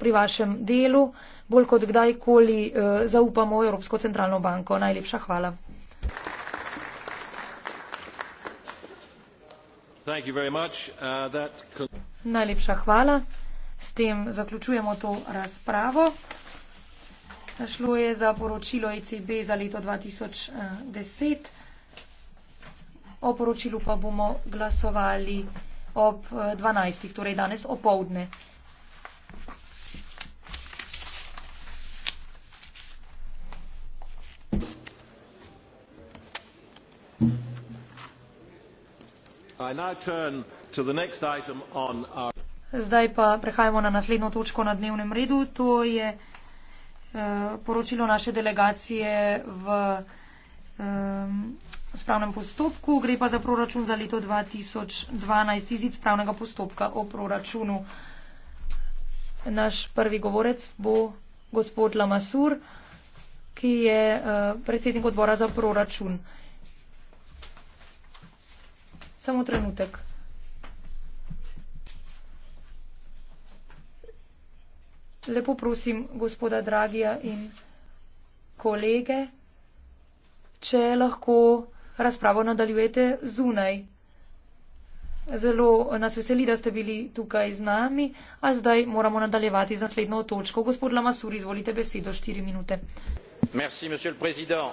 pri vašem delu, bolj kot kdajkoli eh, zaupamo v Evropsko centralno banko. Najlepša hvala. Uh, Najlepša hvala. S tem zaključujemo to razpravo. Šlo je za poročilo ECB za leto 2010. Eh, o poročilu pa bomo glasovali ob 12. Eh, torej danes opovdne. Zdaj pa prehajamo na naslednjo točko na dnevnem redu. To je eh, poročilo naše delegacije v ehm, spravnem postopku. Gre pa za proračun za leto 2012 izid spravnega postopka o proračunu. Naš prvi govorec bo gospod Lamasur, ki je eh, predsednik odbora za proračun. Samo trenutek. Lepo prosim gospoda Dragija in kolege, če lahko razpravo nadaljujete zunaj. Zelo nas veseli, da ste bili tukaj z nami, a zdaj moramo nadaljevati z naslednjo točko. Gospod Lamasur, izvolite besedo, štiri minute. Merci, monsieur le président.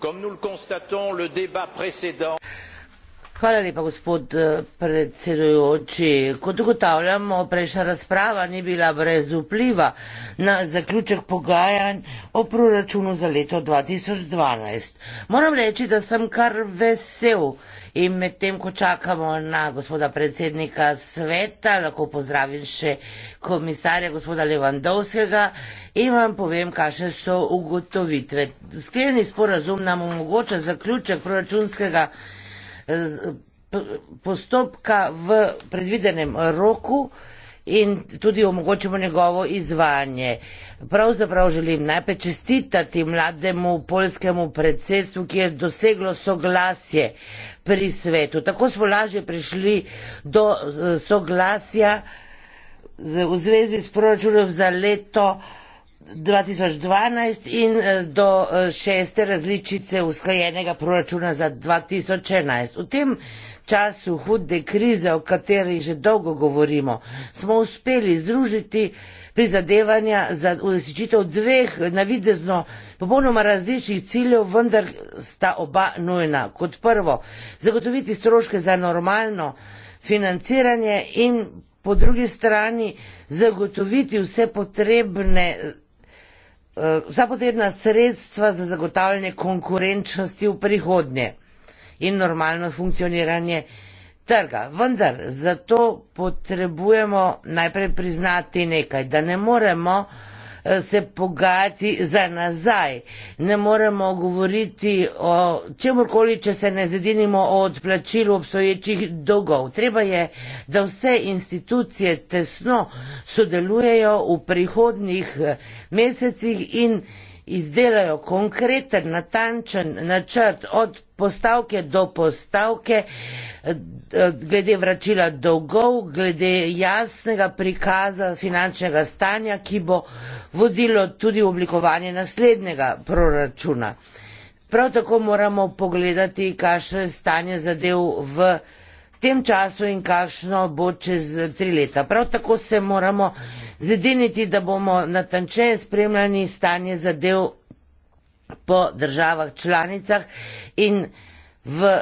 Comme nous le constatons, le débat précédent. Hvala lepa, gospod eh, predsedujoči. Kot ugotavljamo, prejšnja razprava ni bila brez vpliva na zaključek pogajanj o proračunu za leto 2012. Moram reči, da sem kar vesel in medtem, ko čakamo na gospoda predsednika sveta, lahko pozdravim še komisarja gospoda Levandovskega in vam povem, kakšne so ugotovitve. Sklenjeni sporazum nam omogoča zaključek proračunskega postopka v predvidenem roku in tudi omogočimo njegovo izvajanje. Pravzaprav želim najprej čestitati mlademu polskemu predsedstvu, ki je doseglo soglasje pri svetu. Tako smo lažje prišli do eh, soglasja v zvezi s proračunom za leto 2020. 2012 in eh, do eh, šeste različice usklajenega proračuna za 2011. V tem času hude krize, o kateri že dolgo govorimo, smo uspeli združiti prizadevanja za uresničitev dveh navidezno popolnoma različnih ciljev, vendar sta oba nujna. Kot prvo, zagotoviti stroške za normalno financiranje in po drugi strani zagotoviti vse potrebne Eh, za potrebna sredstva za zagotavljanje konkurenčnosti v prihodnje in normalno funkcioniranje trga. Vendar zato potrebujemo najprej priznati nekaj, da ne moremo Eh, se pogajati za nazaj. Ne moremo govoriti o čemorkoli, če se ne zedinimo o odplačilu obstoječih dolgov. Treba je, da vse institucije tesno sodelujejo v prihodnih eh, mesecih in izdelajo konkreten, natančen načrt od postavke do postavke, eh, glede vračila dolgov, glede jasnega prikaza finančnega stanja, ki bo vodilo tudi v oblikovanje naslednjega proračuna. Prav tako moramo pogledati, kakšno je stanje zadev v tem času in kakšno bo čez tri leta. Prav tako se moramo zediniti, da bomo natančeje spremljali stanje zadev po državah članicah in v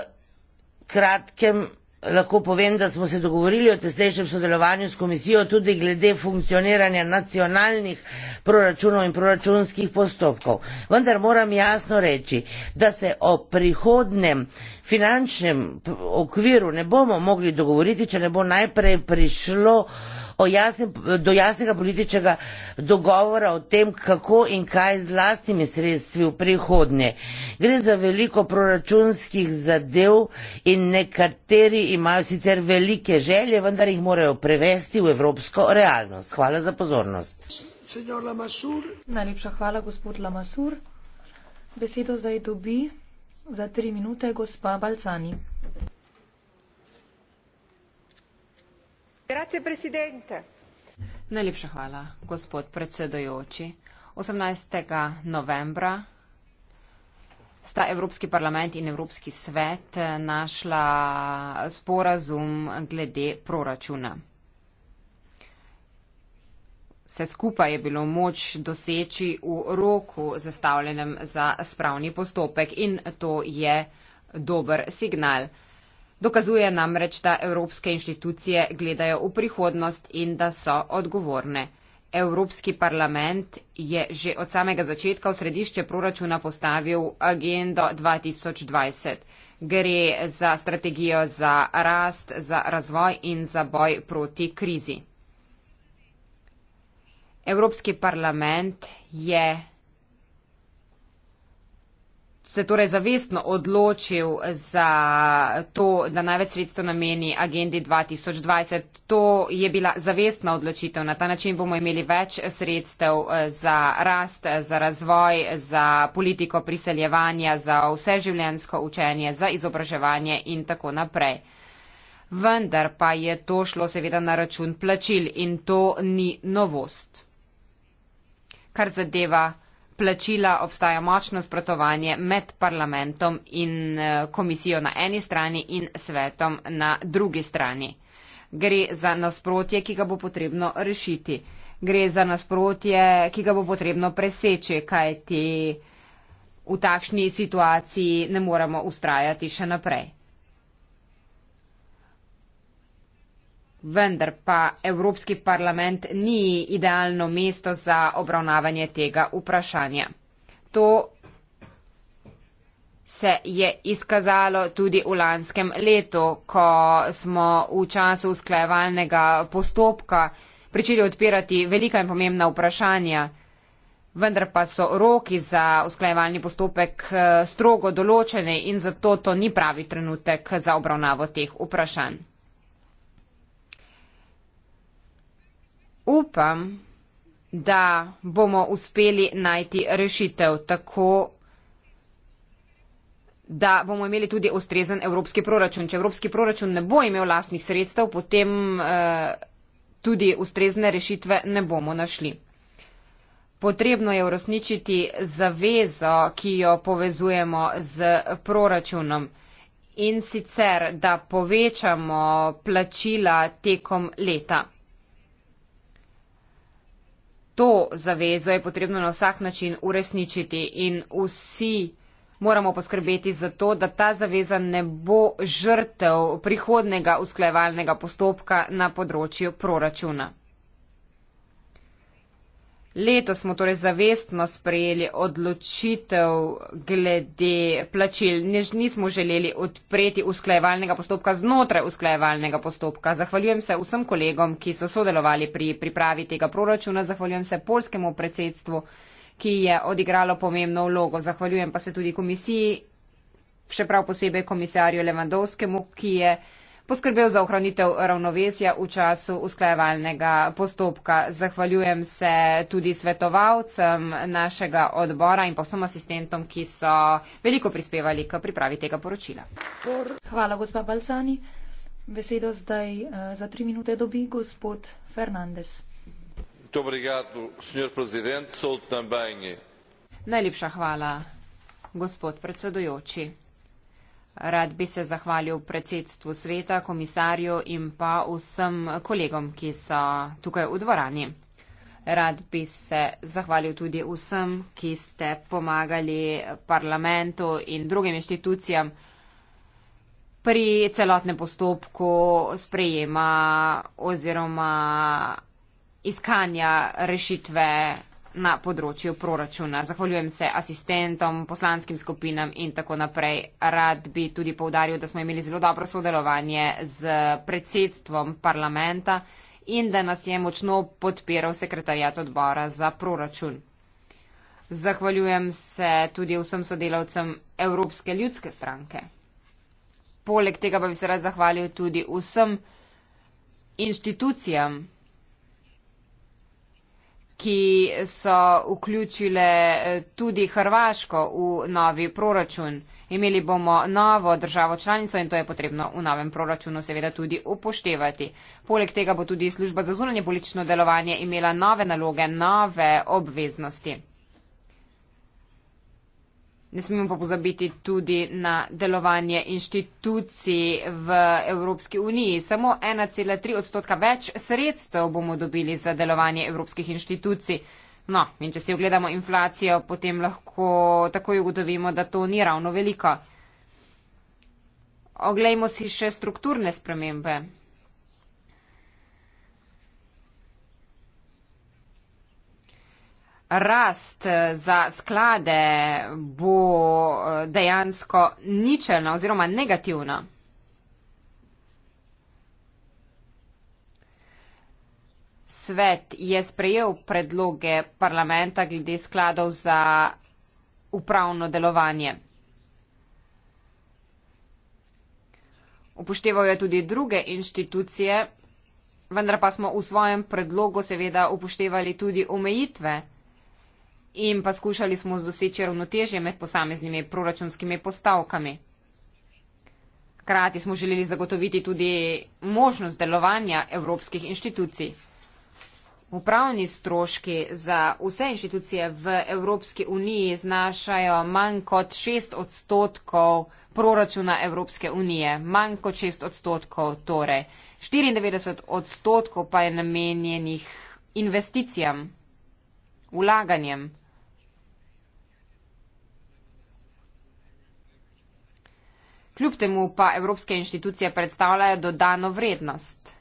kratkem Lahko povem, da smo se dogovorili o tesnejšem sodelovanju s komisijo tudi glede funkcioniranja nacionalnih proračunov in proračunskih postopkov. Vendar moram jasno reči, da se o prihodnem finančnem okviru ne bomo mogli dogovoriti, če ne bo najprej prišlo jasne, do jasnega političnega dogovora o tem, kako in kaj z lastnimi sredstvi v prihodnje. Gre za veliko proračunskih zadev in nekateri imajo sicer velike želje, vendar jih morajo prevesti v evropsko realnost. Hvala za pozornost. Najlepša hvala, gospod Lamasur. Besedo zdaj dobi za tri minute gospa Balcani. Najlepša hvala, gospod predsedojoči. 18. novembra sta Evropski parlament in Evropski svet eh, našla sporazum glede proračuna. Vse skupaj je bilo moč doseči v roku zastavljenem za spravni postopek in to je dober signal. Dokazuje namreč, da evropske inštitucije gledajo v prihodnost in da so odgovorne. Evropski parlament je že od samega začetka v središče proračuna postavil agendo 2020. Gre za strategijo za rast, za razvoj in za boj proti krizi. Evropski parlament je se torej zavestno odločil za to, da največ sredstvo nameni agendi 2020. To je bila zavestna odločitev. Na ta način bomo imeli več sredstev eh, za rast, eh, za razvoj, za politiko priseljevanja, za vseživljensko učenje, za izobraževanje in tako naprej. Vendar pa je to šlo seveda na račun plačil in to ni novost. Kar zadeva plačila obstaja močno sprotovanje med parlamentom in eh, komisijo na eni strani in svetom na drugi strani. Gre za nasprotje, ki ga bo potrebno rešiti. Gre za nasprotje, ki ga bo potrebno preseči, kajti v takšni situaciji ne moramo ustrajati še naprej. Vendar pa Evropski parlament ni idealno mesto za obravnavanje tega vprašanja. To se je izkazalo tudi v lanskem letu, ko smo v času usklajevalnega postopka pričeli odpirati velika in pomembna vprašanja, vendar pa so roki za usklajevalni postopek eh, strogo določeni in zato to ni pravi trenutek za obravnavo teh vprašanj. upam, da bomo uspeli najti rešitev tako, da bomo imeli tudi ustrezen evropski proračun. Če evropski proračun ne bo imel lastnih sredstev, potem eh, tudi ustrezne rešitve ne bomo našli. Potrebno je uresničiti zavezo, ki jo povezujemo z proračunom in sicer, da povečamo plačila tekom leta to zavezo je potrebno na vsak način uresničiti in vsi moramo poskrbeti za to, da ta zaveza ne bo žrtev prihodnega usklajevalnega postopka na področju proračuna. Letos smo torej zavestno sprejeli odločitev glede plačil. Ne, nismo želeli odpreti usklajevalnega postopka znotraj usklajevalnega postopka. Zahvaljujem se vsem kolegom, ki so sodelovali pri pripravi tega proračuna. Zahvaljujem se polskemu predsedstvu, ki je odigralo pomembno vlogo. Zahvaljujem pa se tudi komisiji, še prav posebej komisarju Levandovskemu, ki je poskrbel za ohranitev ravnovesja v času usklajevalnega postopka. Zahvaljujem se tudi svetovalcem našega odbora in pa vsem asistentom, ki so veliko prispevali k pripravi tega poročila. Hvala, gospa Balcani. Besedo zdaj eh, za tri minute dobi gospod Fernandez. Najlepša hvala, gospod predsedujoči. Rad bi se zahvalil predsedstvu sveta, komisarju in pa vsem kolegom, ki so tukaj v dvorani. Rad bi se zahvalil tudi vsem, ki ste pomagali parlamentu in drugim inštitucijam pri celotnem postopku sprejema oziroma iskanja rešitve na področju proračuna. Zahvaljujem se asistentom, poslanskim skupinam in tako naprej. Rad bi tudi povdaril, da smo imeli zelo dobro sodelovanje z predsedstvom parlamenta in da nas je močno podpiral sekretarjat odbora za proračun. Zahvaljujem se tudi vsem sodelavcem Evropske ljudske stranke. Poleg tega pa bi se rad zahvalil tudi vsem inštitucijam, ki so vključile eh, tudi Hrvaško v novi proračun. Imeli bomo novo državo članico in to je potrebno v novem proračunu seveda tudi upoštevati. Poleg tega bo tudi služba za zunanje politično delovanje imela nove naloge, nove obveznosti. Ne smemo pa pozabiti tudi na delovanje inštitucij v Evropski uniji. Samo 1,3 odstotka več sredstev bomo dobili za delovanje evropskih inštitucij. No, in če si ogledamo inflacijo, potem lahko takoj ugotovimo, da to ni ravno veliko. Oglejmo si še strukturne spremembe. rast eh, za sklade bo eh, dejansko ničelna oziroma negativna. Svet je sprejel predloge parlamenta glede skladov za upravno delovanje. Upošteval je tudi druge inštitucije, vendar pa smo v svojem predlogu seveda upoštevali tudi omejitve in pa skušali smo doseči ravnotežje med posameznimi proračunskimi postavkami. Hkrati smo želeli zagotoviti tudi možnost delovanja evropskih inštitucij. Upravni stroški za vse inštitucije v Evropski uniji znašajo manj kot 6 odstotkov proračuna Evropske unije. Manj kot 6 odstotkov torej. 94 odstotkov pa je namenjenih investicijam vlaganjem. Kljub temu pa evropske inštitucije predstavljajo dodano vrednost.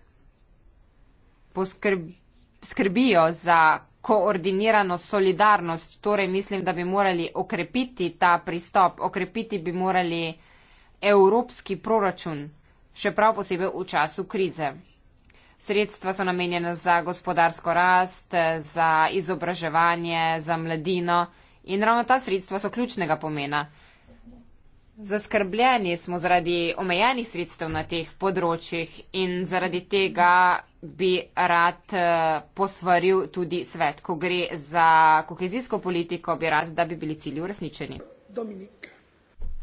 Poskrbijo Poskrb, za koordinirano solidarnost, torej mislim, da bi morali okrepiti ta pristop, okrepiti bi morali evropski proračun, še prav posebej v času krize. Sredstva so namenjena za gospodarsko rast, za izobraževanje, za mladino in ravno ta sredstva so ključnega pomena. Zaskrbljeni smo zaradi omejenih sredstev na teh področjih in zaradi tega bi rad eh, posvaril tudi svet. Ko gre za kohezijsko politiko, bi rad, da bi bili cilji uresničeni. Dominik.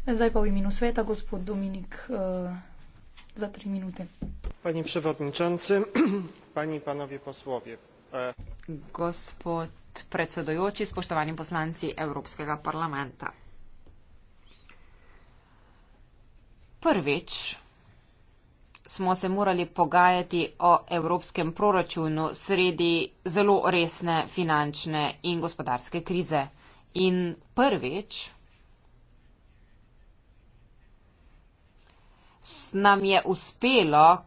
Zdaj pa v imenu sveta, gospod Dominik. Uh pani e, predsedujoči spoštovani poslanci evropskega parlamenta zadnja leta so bila zelo težka za slovenijo in evropo kot celoto. prvič smo se morali pogajati o evropskem proračunu sredi zelo resne finančne in gospodarske krize in prvič nam je uspelo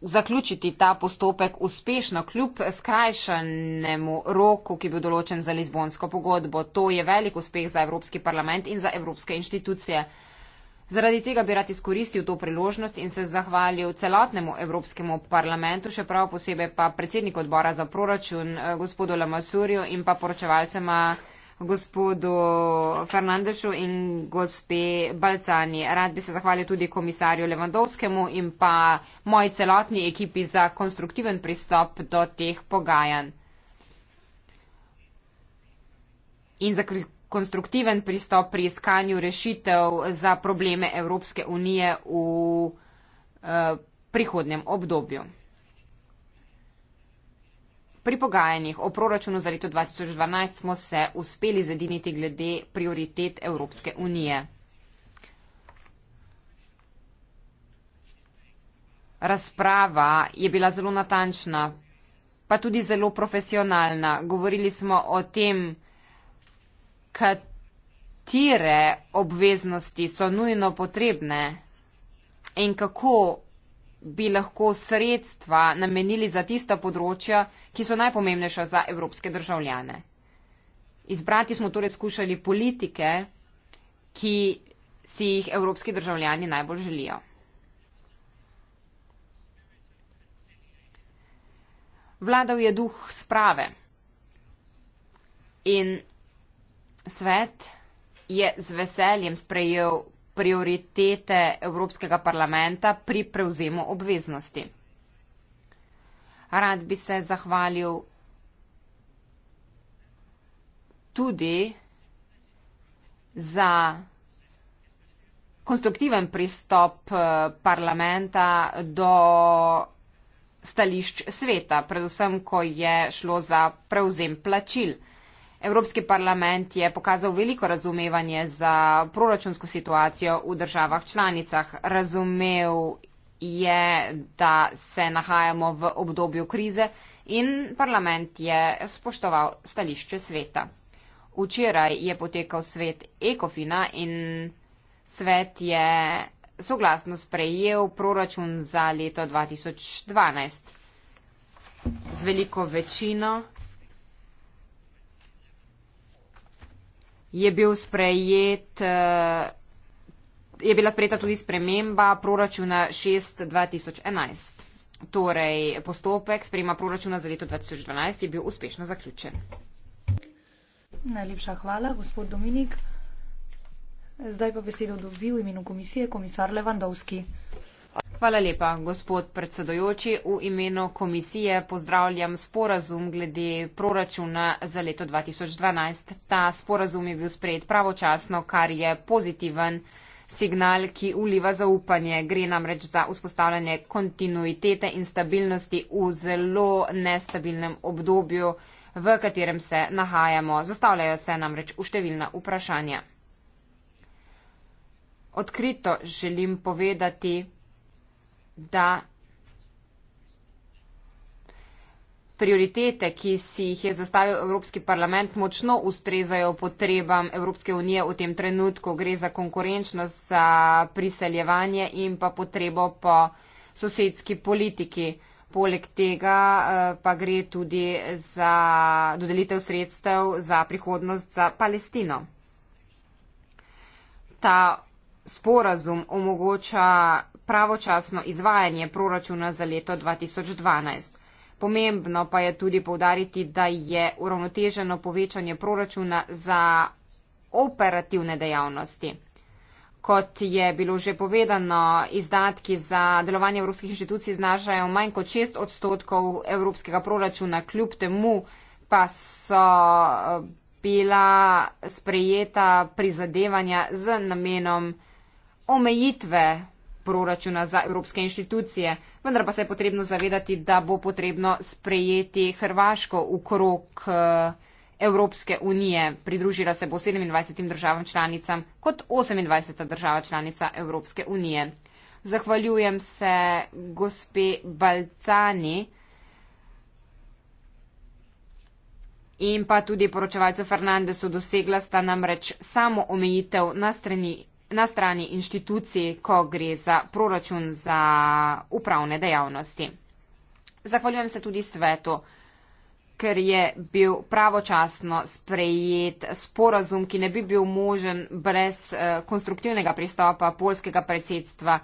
zaključiti ta postopek uspešno, kljub skrajšanemu roku, ki bi bil določen za Lizbonsko pogodbo. To je velik uspeh za Evropski parlament in za evropske inštitucije. Zaradi tega bi rad izkoristil to priložnost in se zahvalil celotnemu Evropskemu parlamentu, še prav posebej pa predsedniku odbora za proračun, eh, gospodu Lamasurju in pa poročevalcema gospodu Fernandešu in gospe Balcani. Rad bi se zahvalil tudi komisarju Levandovskemu in pa moji celotni ekipi za konstruktiven pristop do teh pogajanj. In za konstruktiven pristop pri iskanju rešitev za probleme Evropske unije v eh, prihodnem obdobju. Pri pogajanjih o proračunu za leto 2012 smo se uspeli zediniti glede prioritet Evropske unije. Razprava je bila zelo natančna, pa tudi zelo profesionalna. Govorili smo o tem, katere obveznosti so nujno potrebne in kako bi lahko sredstva namenili za tista področja, ki so najpomembnejša za evropske državljane. Izbrati smo torej skušali politike, ki si jih evropski državljani najbolj želijo. Vladal je duh sprave in svet je z veseljem sprejel prioritete Evropskega parlamenta pri prevzemu obveznosti. Rad bi se zahvalil tudi za konstruktiven pristop eh, parlamenta do stališč sveta, predvsem ko je šlo za prevzem plačil. Evropski parlament je pokazal veliko razumevanje za proračunsko situacijo v državah članicah. Razumev je, da se nahajamo v obdobju krize in parlament je spoštoval stališče sveta. Včeraj je potekal svet Ekofina in svet je soglasno sprejel proračun za leto 2012. Z veliko večino je bil sprejet. Uh, Je bila sprejeta tudi sprememba proračuna 6.2011. Torej, postopek sprejema proračuna za leto 2012 je bil uspešno zaključen. Najlepša hvala, gospod Dominik. Zdaj pa besedo dobi v imenu komisije komisar Levandovski. Hvala lepa, gospod predsedojoči. V imenu komisije pozdravljam sporazum glede proračuna za leto 2012. Ta sporazum je bil sprejet pravočasno, kar je pozitiven signal, ki uliva zaupanje. Gre namreč za vzpostavljanje kontinuitete in stabilnosti v zelo nestabilnem obdobju, v katerem se nahajamo. Zastavljajo se namreč uštevilna vprašanja. Odkrito želim povedati, da prioritete, ki si jih je zastavil Evropski parlament, močno ustrezajo potrebam Evropske unije v tem trenutku. Gre za konkurenčnost, za priseljevanje in pa potrebo po sosedski politiki. Poleg tega eh, pa gre tudi za dodelitev sredstev za prihodnost za Palestino. Ta sporazum omogoča pravočasno izvajanje proračuna za leto 2012. Pomembno pa je tudi povdariti, da je uravnoteženo povečanje proračuna za operativne dejavnosti. Kot je bilo že povedano, izdatki za delovanje evropskih inštitucij znašajo manj kot 6 odstotkov evropskega proračuna, kljub temu pa so eh, bila sprejeta prizadevanja z namenom omejitve proračuna za evropske inštitucije, vendar pa se je potrebno zavedati, da bo potrebno sprejeti Hrvaško v krok eh, Evropske unije. Pridružila se bo 27 državam članicam kot 28 država članica Evropske unije. Zahvaljujem se gospe Balcani in pa tudi poročevalcu Fernandesu dosegla sta namreč samo omejitev na strani na strani inštitucij, ko gre za proračun za upravne dejavnosti. Zahvaljujem se tudi svetu, ker je bil pravočasno sprejet sporazum, ki ne bi bil možen brez eh, konstruktivnega pristopa polskega predsedstva,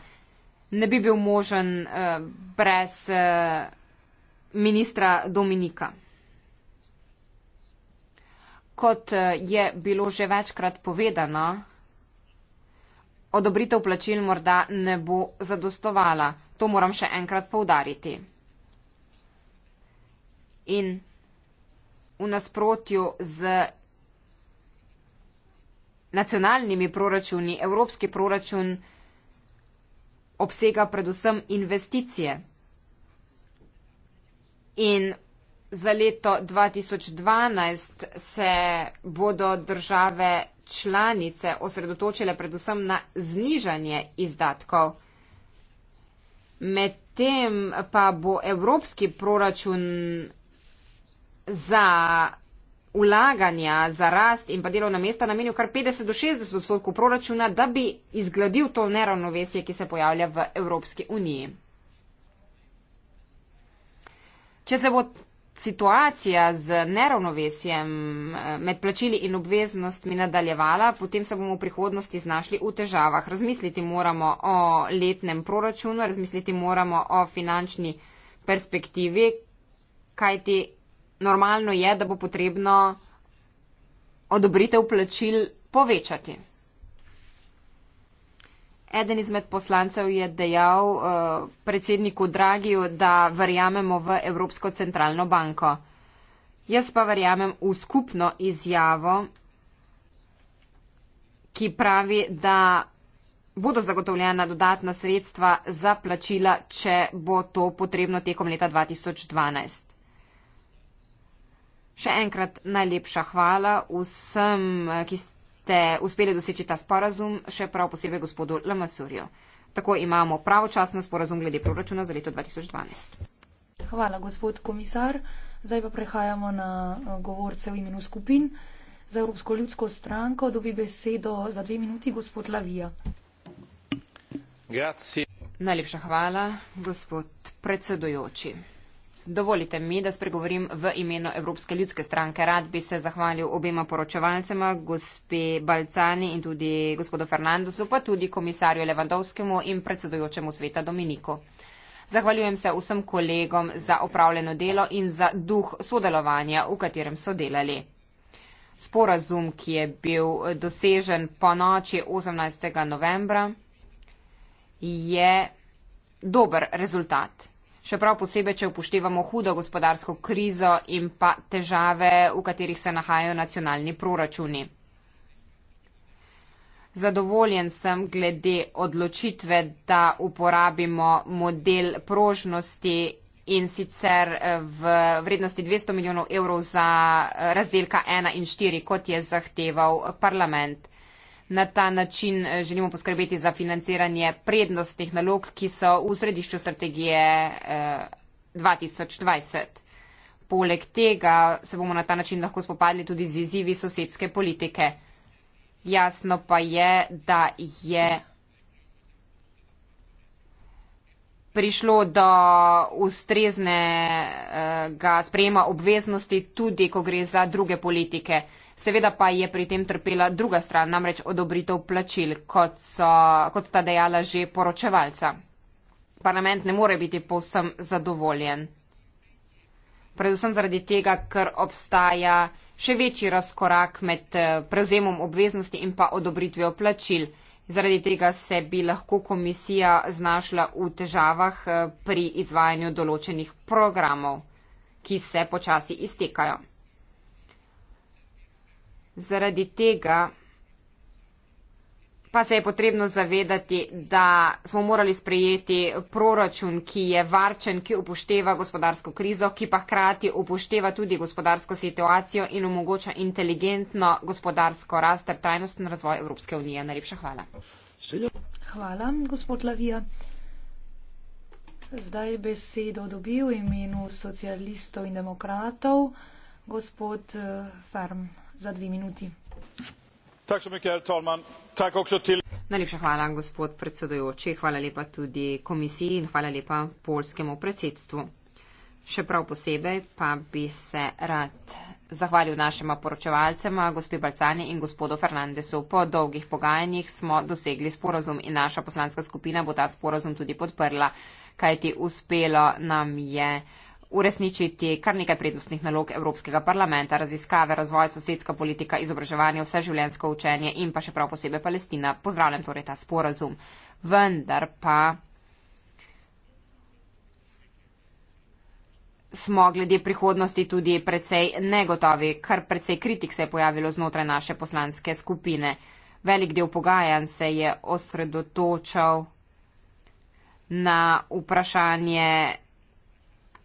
ne bi bil možen eh, brez eh, ministra Dominika. Kot je bilo že večkrat povedano, Odobritev plačil morda ne bo zadostovala, to moram še enkrat povdariti. In v nasprotju z nacionalnimi proračuni, evropski proračun obsega predvsem investicije. In za leto 2012 se bodo države članice osredotočile predvsem na znižanje izdatkov. Medtem pa bo evropski proračun za ulaganja, za rast in pa delovna mesta namenil kar 50 do 60 odstotkov proračuna, da bi izgledil to neravnovesje, ki se pojavlja v Evropski uniji. Če se bo situacija z neravnovesjem eh, med plačili in obveznostmi nadaljevala, potem se bomo v prihodnosti znašli v težavah. Razmisliti moramo o letnem proračunu, razmisliti moramo o finančni perspektivi, kajti normalno je, da bo potrebno odobritev plačil povečati. Eden izmed poslancev je dejal uh, predsedniku Dragiju, da verjamemo v Evropsko centralno banko. Jaz pa verjamem v skupno izjavo, ki pravi, da bodo zagotovljena dodatna sredstva za plačila, če bo to potrebno tekom leta 2012. Še enkrat najlepša hvala vsem, eh, ki ste ste uspeli doseči ta sporazum, še prav posebej gospodu Lamasurju. Tako imamo pravočasno sporazum glede proračuna za leto 2012. Hvala, gospod komisar. Zdaj pa prehajamo na eh, govorce v imenu skupin. Za Evropsko ljudsko stranko dobi besedo za dve minuti gospod Lavija. Grazie. Najlepša hvala, gospod predsedujoči. Dovolite mi, da spregovorim v imenu Evropske ljudske stranke. Rad bi se zahvalil obema poročevalcema, gospe Balcani in tudi gospodu Fernandosu, pa tudi komisarju Levandovskemu in predsedujočemu sveta Dominiku. Zahvaljujem se vsem kolegom za opravljeno delo in za duh sodelovanja, v katerem so delali. Sporazum, ki je bil dosežen po noči 18. novembra, je dober rezultat še prav posebej, če upoštevamo hudo gospodarsko krizo in pa težave, v katerih se nahajajo nacionalni proračuni. Zadovoljen sem glede odločitve, da uporabimo model prožnosti in sicer eh, v vrednosti 200 milijonov evrov za eh, razdelka 1 in 4, kot je zahteval parlament. Na ta način eh, želimo poskrbeti za financiranje prednostnih nalog, ki so v središču strategije 2020. Eh, Poleg tega se bomo na ta način lahko spopadli tudi z izzivi sosedske politike. Jasno pa je, da je prišlo do ustreznega eh, sprejema obveznosti tudi, ko gre za druge politike. Seveda pa je pri tem trpela druga stran, namreč odobritev plačil, kot, so, kot sta dejala že poročevalca. Parlament ne more biti povsem zadovoljen. Predvsem zaradi tega, ker obstaja še večji razkorak med eh, prevzemom obveznosti in pa odobritvijo plačil. Zaradi tega se bi lahko komisija znašla v težavah eh, pri izvajanju določenih programov, ki se počasi iztekajo. Zaradi tega pa se je potrebno zavedati, da smo morali sprejeti proračun, ki je varčen, ki upošteva gospodarsko krizo, ki pa hkrati upošteva tudi gospodarsko situacijo in omogoča inteligentno gospodarsko rast ter trajnosten razvoj Evropske unije. Najlepša hvala. Hvala, gospod Lavija. Zdaj besedo dobi v imenu socialistov in demokratov gospod eh, Ferm za dve minuti. Najlepša hvala, gospod predsedujoči. Hvala lepa tudi komisiji in hvala lepa polskemu predsedstvu. Še prav posebej pa bi se rad zahvalil našima poročevalcema, gospe Balcani in gospodu Fernandesu. Po dolgih pogajanjih smo dosegli sporazum in naša poslanska skupina bo ta sporazum tudi podprla, kajti uspelo nam je uresničiti kar nekaj prednostnih nalog Evropskega parlamenta, raziskave, razvoj, sosedska politika, izobraževanje, vseživljensko učenje in pa še prav posebej Palestina. Pozdravljam torej ta sporazum. Vendar pa smo glede prihodnosti tudi precej negotovi, kar precej kritik se je pojavilo znotraj naše poslanske skupine. Velik del pogajanj se je osredotočal na vprašanje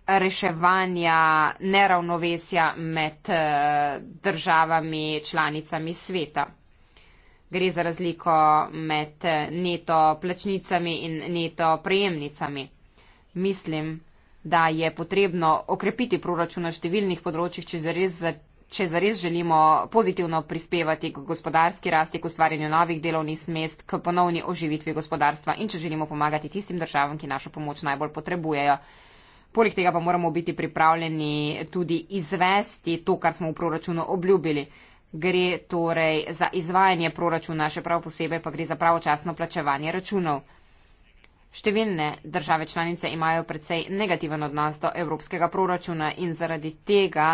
reševanja neravnovesja med eh, državami članicami sveta. Gre za razliko med eh, neto plačnicami in neto prejemnicami. Mislim, da je potrebno okrepiti proračun na številnih področjih, če zares, če zares želimo pozitivno prispevati k gospodarski rasti, k ustvarjanju novih delovnih mest, k ponovni oživitvi gospodarstva in če želimo pomagati tistim državam, ki našo pomoč najbolj potrebujejo. Poleg tega pa moramo biti pripravljeni tudi izvesti to, kar smo v proračunu obljubili. Gre torej za izvajanje proračuna, še prav posebej pa gre za pravočasno plačevanje računov. Številne države članice imajo predvsej negativen odnos do evropskega proračuna in zaradi tega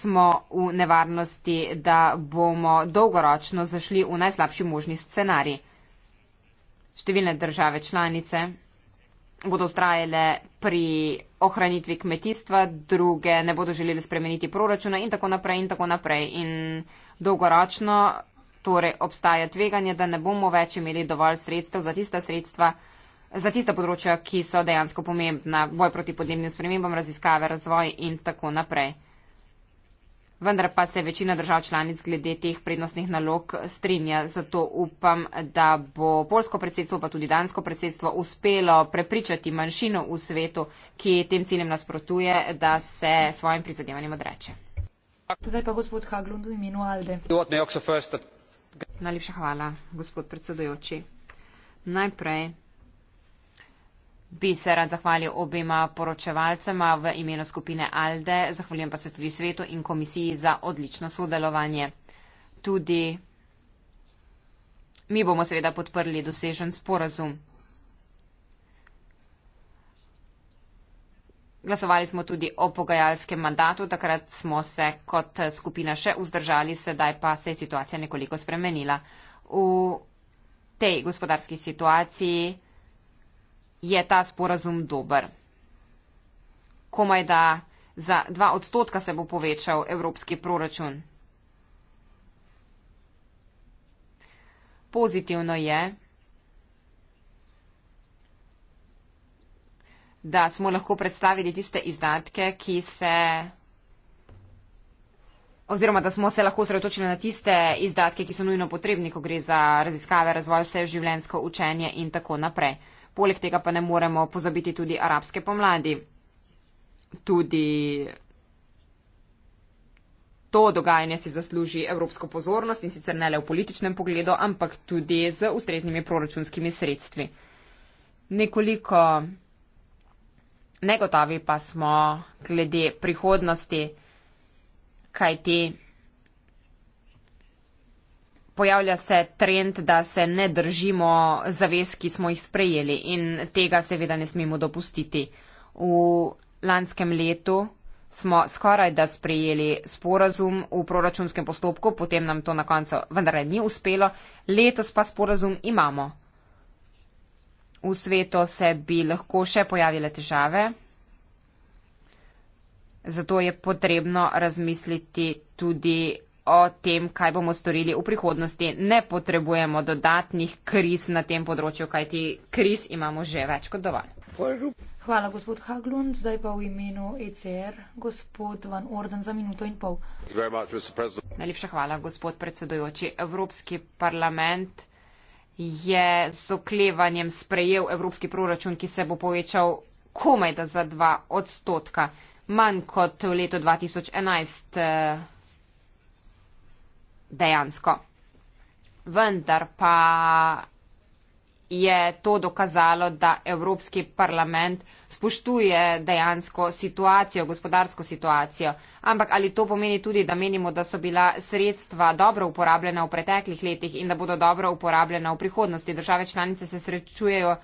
smo v nevarnosti, da bomo dolgoročno zašli v najslabši možni scenarij. Številne države članice bodo ustrajale pri ohranitvi kmetijstva, druge ne bodo želeli spremeniti proračuna in tako naprej in tako naprej. In dolgoročno torej obstaja tveganje, da ne bomo več imeli dovolj sredstev za tista sredstva, za tista področja, ki so dejansko pomembna, boj proti podnebnim spremembam, raziskave, razvoj in tako naprej vendar pa se večina držav članic glede teh prednostnih nalog strinja. Zato upam, da bo polsko predsedstvo, pa tudi dansko predsedstvo uspelo prepričati manjšino v svetu, ki tem ciljem nasprotuje, da se svojim prizadevanjem odreče. Zdaj pa gospod Haglund v imenu Alde. Najlepša hvala, gospod predsedujoči. Najprej bi se rad zahvalil obema poročevalcema v imenu skupine Alde, zahvaljujem pa se tudi svetu in komisiji za odlično sodelovanje. Tudi mi bomo seveda podprli dosežen sporazum. Glasovali smo tudi o pogajalskem mandatu, takrat smo se kot skupina še vzdržali, sedaj pa se je situacija nekoliko spremenila. V tej gospodarski situaciji je ta sporazum dober. Komaj da za dva odstotka se bo povečal evropski proračun. Pozitivno je, da smo lahko predstavili tiste izdatke, ki se oziroma da smo se lahko sredotočili na tiste izdatke, ki so nujno potrebni, ko gre za raziskave, razvoj, vse življensko učenje in tako naprej. Poleg tega pa ne moremo pozabiti tudi arabske pomladi. Tudi to dogajanje si zasluži evropsko pozornost in sicer ne le v političnem pogledu, ampak tudi z ustreznimi proračunskimi sredstvi. Nekoliko negotovi pa smo glede prihodnosti, kaj ti. Te pojavlja se trend, da se ne držimo zavez, ki smo jih sprejeli in tega seveda ne smemo dopustiti. V lanskem letu smo skoraj da sprejeli sporazum v proračunskem postopku, potem nam to na koncu vendar ni uspelo, letos pa sporazum imamo. V svetu se bi lahko še pojavile težave, zato je potrebno razmisliti tudi o tem, kaj bomo storili v prihodnosti. Ne potrebujemo dodatnih kriz na tem področju, kajti kriz imamo že več kot dovolj. Hvala, gospod Haglund. Zdaj pa v imenu ECR, gospod Van Orden, za minuto in pol. Najlepša hvala, gospod predsedujoči. Evropski parlament je z oklevanjem sprejel evropski proračun, ki se bo povečal komajda za dva odstotka, manj kot v letu 2011 dejansko. Vendar pa je to dokazalo, da Evropski parlament spoštuje dejansko situacijo, gospodarsko situacijo. Ampak ali to pomeni tudi, da menimo, da so bila sredstva dobro uporabljena v preteklih letih in da bodo dobro uporabljena v prihodnosti? Države članice se srečujejo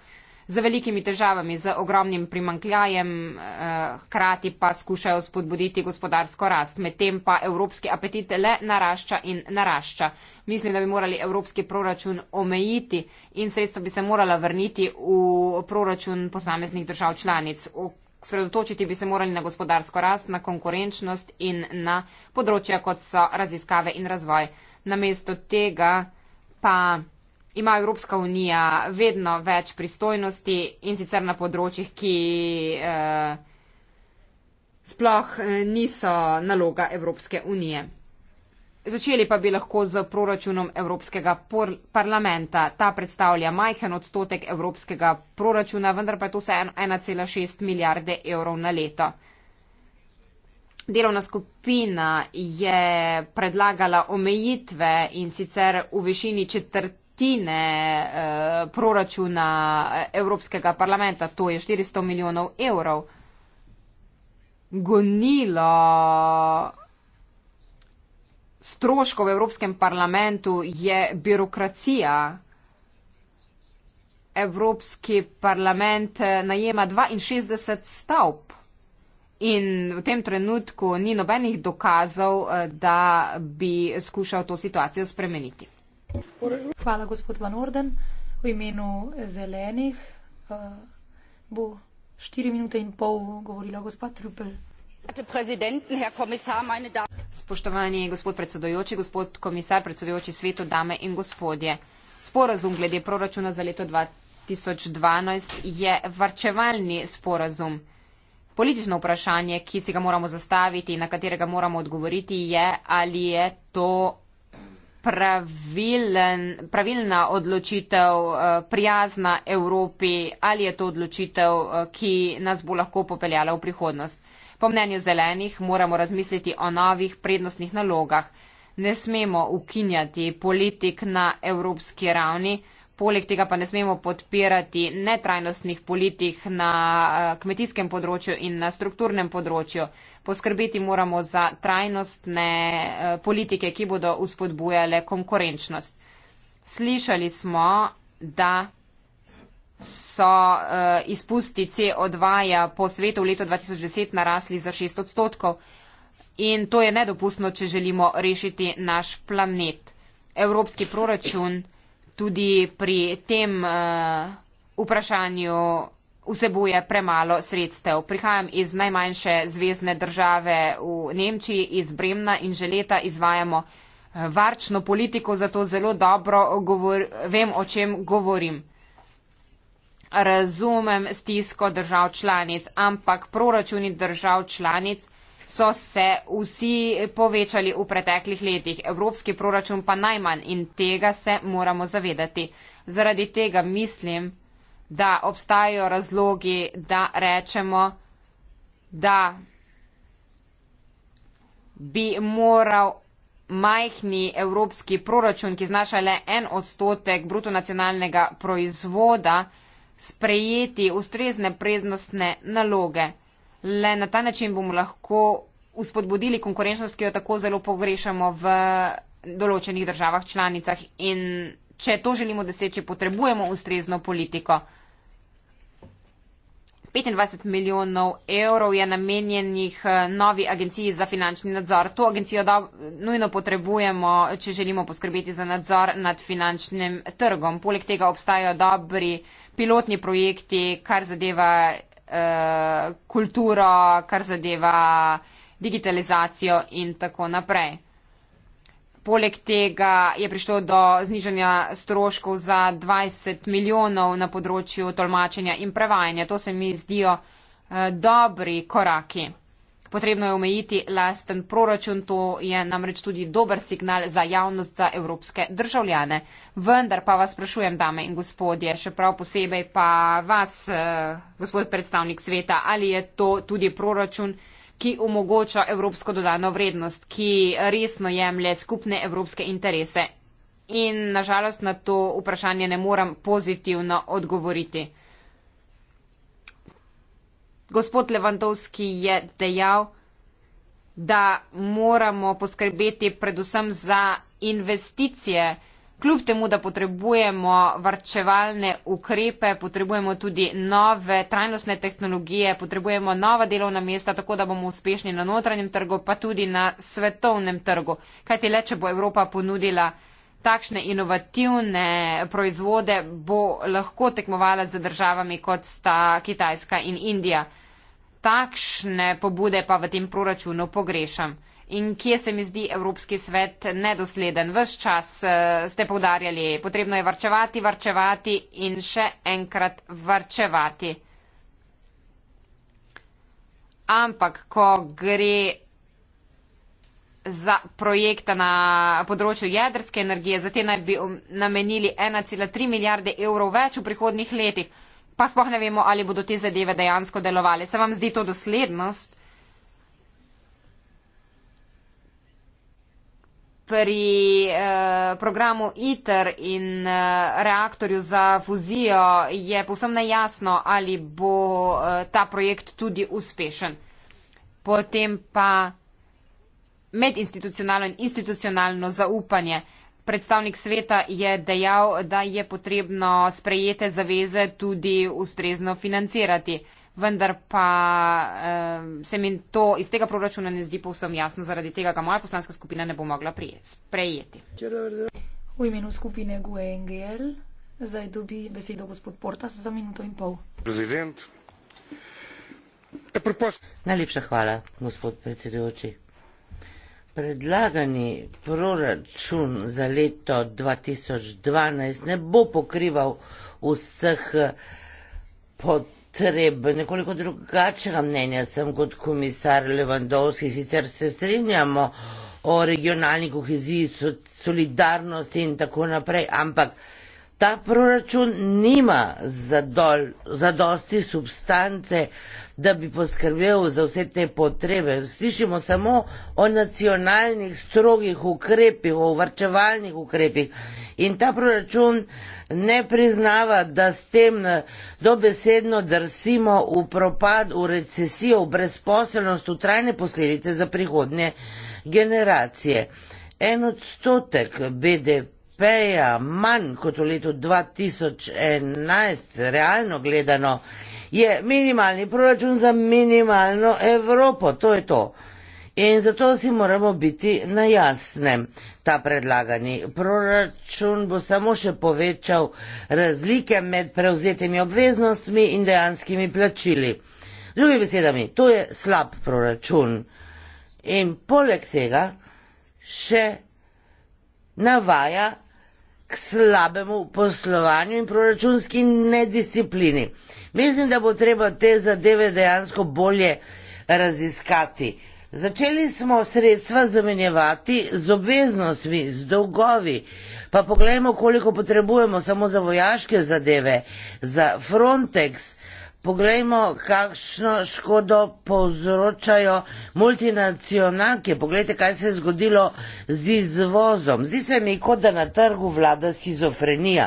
z velikimi težavami, z ogromnim primankljajem, eh, hkrati pa skušajo spodbuditi gospodarsko rast. Medtem pa evropski apetit le narašča in narašča. Mislim, da bi morali evropski proračun omejiti in sredstva bi se morala vrniti v proračun posameznih držav članic. Sredotočiti bi se morali na gospodarsko rast, na konkurenčnost in na področja, kot so raziskave in razvoj. Namesto tega pa ima Evropska unija vedno več pristojnosti in sicer na področjih, ki eh, sploh eh, niso naloga Evropske unije. Začeli pa bi lahko z proračunom Evropskega por parlamenta. Ta predstavlja majhen odstotek Evropskega proračuna, vendar pa je to vse 1,6 milijarde evrov na leto. Delovna skupina je predlagala omejitve in sicer v višini četrti tretjine eh, proračuna eh, Evropskega parlamenta, to je 400 milijonov evrov, gonilo stroško v Evropskem parlamentu je birokracija. Evropski parlament eh, najema 62 stavb in v tem trenutku ni nobenih dokazov, da bi skušal to situacijo spremeniti. Hvala, gospod Van Orden. V imenu zelenih uh, bo štiri minute in pol govorila gospa Trupel. Spoštovani gospod predsedojoči, gospod komisar, predsedojoči svetu, dame in gospodje. Sporazum glede proračuna za leto 2012 je varčevalni sporazum. Politično vprašanje, ki si ga moramo zastaviti in na katerega moramo odgovoriti, je, ali je to pravilen, pravilna odločitev, eh, prijazna Evropi ali je to odločitev, eh, ki nas bo lahko popeljala v prihodnost. Po mnenju zelenih moramo razmisliti o novih prednostnih nalogah. Ne smemo ukinjati politik na evropski ravni. Poleg tega pa ne smemo podpirati netrajnostnih politik na eh, kmetijskem področju in na strukturnem področju. Poskrbeti moramo za trajnostne eh, politike, ki bodo uspodbujale konkurenčnost. Slišali smo, da so eh, izpusti CO2 ja po svetu v letu 2010 narasli za 6 odstotkov in to je nedopustno, če želimo rešiti naš planet. Evropski proračun tudi pri tem uh, vprašanju vsebuje premalo sredstev. Prihajam iz najmanjše zvezdne države v Nemčiji, iz Bremna in že leta izvajamo eh, varčno politiko, zato zelo dobro govor, vem, o čem govorim. Razumem stisko držav članic, ampak proračuni držav članic so se vsi povečali v preteklih letih, evropski proračun pa najmanj in tega se moramo zavedati. Zaradi tega mislim, da obstajajo razlogi, da rečemo, da bi moral majhni evropski proračun, ki znaša le en odstotek brutonacionalnega proizvoda, sprejeti ustrezne preznostne naloge. Le na ta način bomo lahko uspodbudili konkurenčnost, ki jo tako zelo pogrešamo v določenih državah članicah. In če to želimo doseči, potrebujemo ustrezno politiko. 25 milijonov evrov je namenjenih eh, novi agenciji za finančni nadzor. To agencijo do, nujno potrebujemo, če želimo poskrbeti za nadzor nad finančnim trgom. Poleg tega obstajajo dobri pilotni projekti, kar zadeva Eh, kulturo, kar zadeva digitalizacijo in tako naprej. Poleg tega je prišlo do znižanja stroškov za 20 milijonov na področju tolmačenja in prevajanja. To se mi zdijo eh, dobri koraki. Potrebno je omejiti lasten proračun, to je namreč tudi dober signal za javnost, za evropske državljane. Vendar pa vas sprašujem, dame in gospodje, še prav posebej pa vas, eh, gospod predstavnik sveta, ali je to tudi proračun, ki omogoča evropsko dodano vrednost, ki resno jemlje skupne evropske interese. In nažalost na to vprašanje ne morem pozitivno odgovoriti. Gospod Levandovski je dejal, da moramo poskrbeti predvsem za investicije, kljub temu, da potrebujemo varčevalne ukrepe, potrebujemo tudi nove trajnostne tehnologije, potrebujemo nova delovna mesta, tako da bomo uspešni na notranjem trgu, pa tudi na svetovnem trgu. Kaj ti le, če bo Evropa ponudila takšne inovativne proizvode bo lahko tekmovala z državami, kot sta Kitajska in Indija. Takšne pobude pa v tem proračunu pogrešam. In kje se mi zdi Evropski svet nedosleden? Ves čas eh, ste povdarjali, potrebno je varčevati, varčevati in še enkrat varčevati. Ampak, ko gre za projekta na področju jedrske energije. Za te naj bi um, namenili 1,3 milijarde evrov več v prihodnih letih. Pa spoh ne vemo, ali bodo te zadeve dejansko delovali. Se vam zdi to doslednost? Pri eh, programu ITER in eh, reaktorju za fuzijo je povsem nejasno, ali bo eh, ta projekt tudi uspešen. Potem pa medinstitucionalno in institucionalno zaupanje. Predstavnik sveta je dejal, da je potrebno sprejete zaveze tudi ustrezno financirati. Vendar pa eh, se mi to iz tega proračuna ne zdi povsem jasno, zaradi tega ga moja poslanska skupina ne bo mogla prejeti. V imenu skupine GUE-NGL zdaj dobi besedo gospod Portas za minuto in pol. Najlepša hvala, gospod predsedujoči. Predlagani proračun za leto 2012 ne bo pokrival vseh eh, potreb. Nekoliko drugačnega mnenja sem kot komisar Levandovski. Sicer se strinjamo o regionalni kohiziji, solidarnosti in tako naprej, ampak ta proračun nima zadol, zadosti substance, da bi poskrbel za vse te potrebe. Slišimo samo o nacionalnih strogih ukrepih, o vrčevalnih ukrepih in ta proračun ne priznava, da s tem eh, dobesedno drsimo v propad, v recesijo, v brezposelnost, v trajne posledice za prihodnje generacije. En odstotek BDP BDP-ja manj kot v letu 2011, realno gledano, je minimalni proračun za minimalno Evropo. To je to. In zato si moramo biti na jasnem. Ta predlagani proračun bo samo še povečal razlike med prevzetimi obveznostmi in dejanskimi plačili. Drugi besedami, to je slab proračun. In poleg tega še navaja slabemu poslovanju in proračunski nedisciplini. Mislim, da bo treba te zadeve dejansko bolje raziskati. Začeli smo sredstva zamenjevati z obveznostmi, z dolgovi, pa pogledajmo, koliko potrebujemo samo za vojaške zadeve, za Frontex. Poglejmo, kakšno škodo povzročajo multinacionalke. Poglejte, kaj se je zgodilo z izvozom. Zdi se mi, kot da na trgu vlada schizofrenija.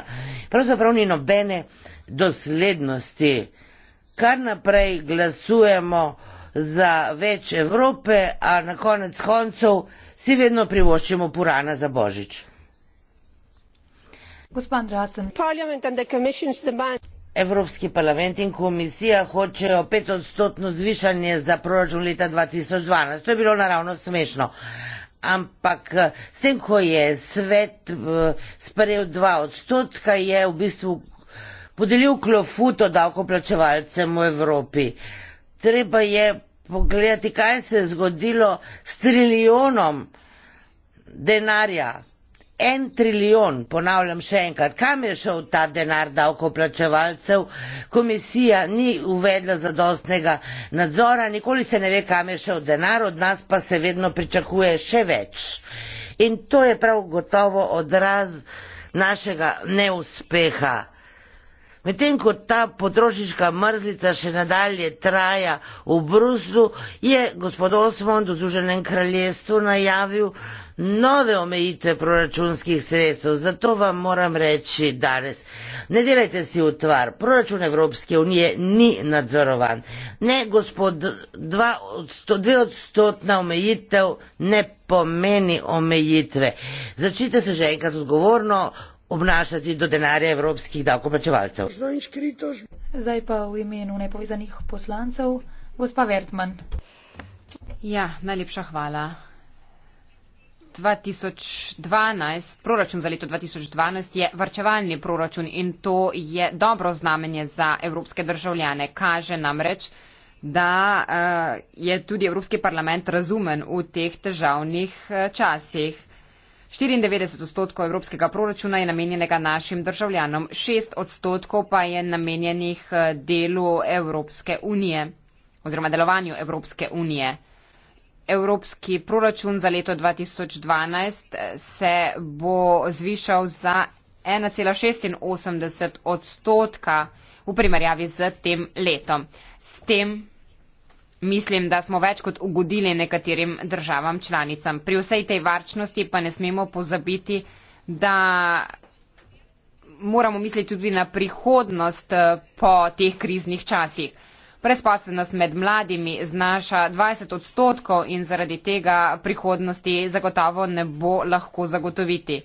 Pravzaprav ni nobene doslednosti. Kar naprej glasujemo za več Evrope, a na konec koncev si vedno privoščimo purana za božič. Gospod Andrasen. Evropski parlament in komisija hočejo petodstotno zvišanje za proračun leta 2012. To je bilo naravno smešno. Ampak eh, s tem, ko je svet eh, sprejel dva odstotka, je v bistvu podelil klofuto davkoplačevalcem v Evropi. Treba je pogledati, kaj se je zgodilo s trilijonom denarja, En trilijon, ponavljam še enkrat, kam je šel ta denar davkoplačevalcev? Komisija ni uvedla zadostnega nadzora, nikoli se ne ve, kam je šel denar, od nas pa se vedno pričakuje še več. In to je prav gotovo odraz našega neuspeha. Medtem ko ta potrošniška mrzlica še nadalje traja v Bruslu, je gospod Osmond v Združenem kraljestvu najavil, nove omejitve proračunskih sredstev, zato vam moram reči danes, ne delajte si utvar, proračun Evropske unije ni nadzorovan. Ne, gospod, odsto, dve odstotna omejitev ne pomeni omejitve. Začnite se že enkrat odgovorno obnašati do denarja evropskih davkoplačevalcev. Zdaj pa v imenu nepovezanih poslancev, gospa Vertman. Ja, najlepša hvala. 2012, proračun za leto 2012 je varčevalni proračun in to je dobro znamenje za evropske državljane. Kaže namreč, da eh, je tudi Evropski parlament razumen v teh težavnih eh, časih. 94 odstotkov evropskega proračuna je namenjenega našim državljanom, 6 odstotkov pa je namenjenih eh, delu Evropske unije oziroma delovanju Evropske unije. Evropski proračun za leto 2012 eh, se bo zvišal za 1,86 odstotka v primerjavi z tem letom. S tem mislim, da smo več kot ugodili nekaterim državam članicam. Pri vsej tej varčnosti pa ne smemo pozabiti, da moramo misliti tudi na prihodnost eh, po teh kriznih časih. Brezposobnost med mladimi znaša 20 odstotkov in zaradi tega prihodnosti zagotovo ne bo lahko zagotoviti.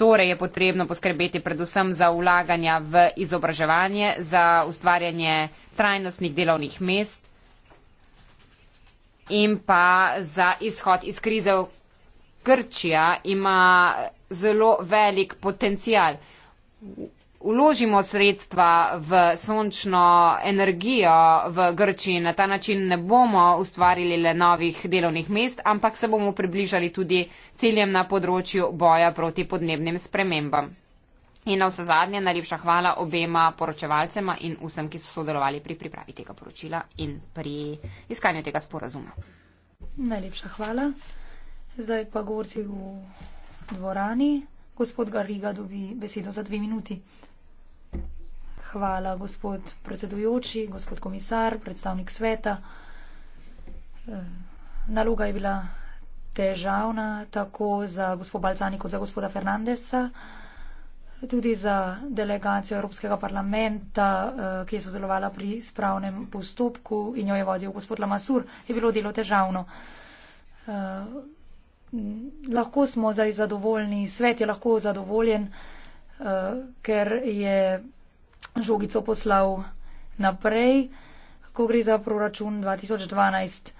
Torej je potrebno poskrbeti predvsem za vlaganja v izobraževanje, za ustvarjanje trajnostnih delovnih mest in pa za izhod iz krize. Grčija ima zelo velik potencial vložimo sredstva v sončno energijo v Grčiji. Na ta način ne bomo ustvarili le novih delovnih mest, ampak se bomo približali tudi ciljem na področju boja proti podnebnim spremembam. In na vse zadnje, najlepša hvala obema poročevalcema in vsem, ki so sodelovali pri pripravi tega poročila in pri iskanju tega sporazuma. Najlepša hvala. Zdaj pa govorci v dvorani. Gospod Gariga dobi besedo za dve minuti. Hvala, gospod predsedujoči, gospod komisar, predstavnik sveta. Eh, naloga je bila težavna tako za gospod Balzani kot za gospoda Fernandesa, tudi za delegacijo Evropskega parlamenta, eh, ki je sodelovala pri spravnem postopku in jo je vodil gospod Lamasur, je bilo delo težavno. Eh, lahko smo zdaj zadovoljni, svet je lahko zadovoljen, ker je žogico poslal naprej, ko gre za proračun 2012.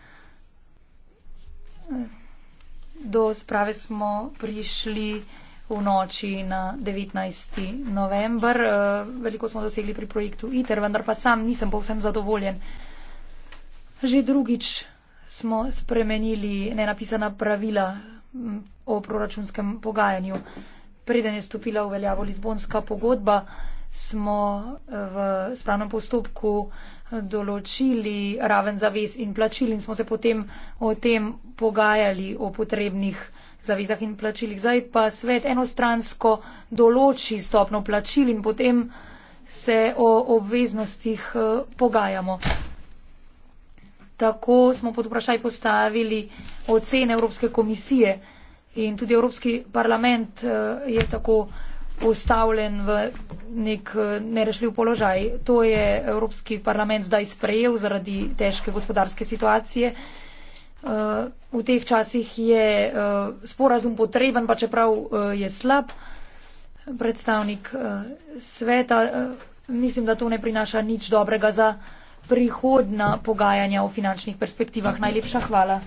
Do sprave smo prišli v noči na 19. november. Eh, veliko smo dosegli pri projektu ITER, vendar pa sam nisem povsem zadovoljen. Že drugič smo spremenili nenapisana pravila mm, o proračunskem pogajanju. Preden je stopila v veljavo Lizbonska pogodba, smo eh, v spravnem postopku eh, določili raven zavez in plačil in smo se potem o tem pogajali o potrebnih zavezah in plačilih. Zdaj pa svet enostransko določi stopno plačil in potem se o obveznostih eh, pogajamo. Tako smo pod vprašaj postavili ocene Evropske komisije in tudi Evropski parlament je tako postavljen v nek eh, nerešljiv položaj. To je Evropski parlament zdaj sprejel zaradi težke gospodarske situacije. Eh, v teh časih je eh, sporazum potreben, pa čeprav je slab. Predstavnik sveta mislim, da to ne prinaša nič dobrega za prihodna pogajanja o finančnih perspektivah. Najlepša hvala.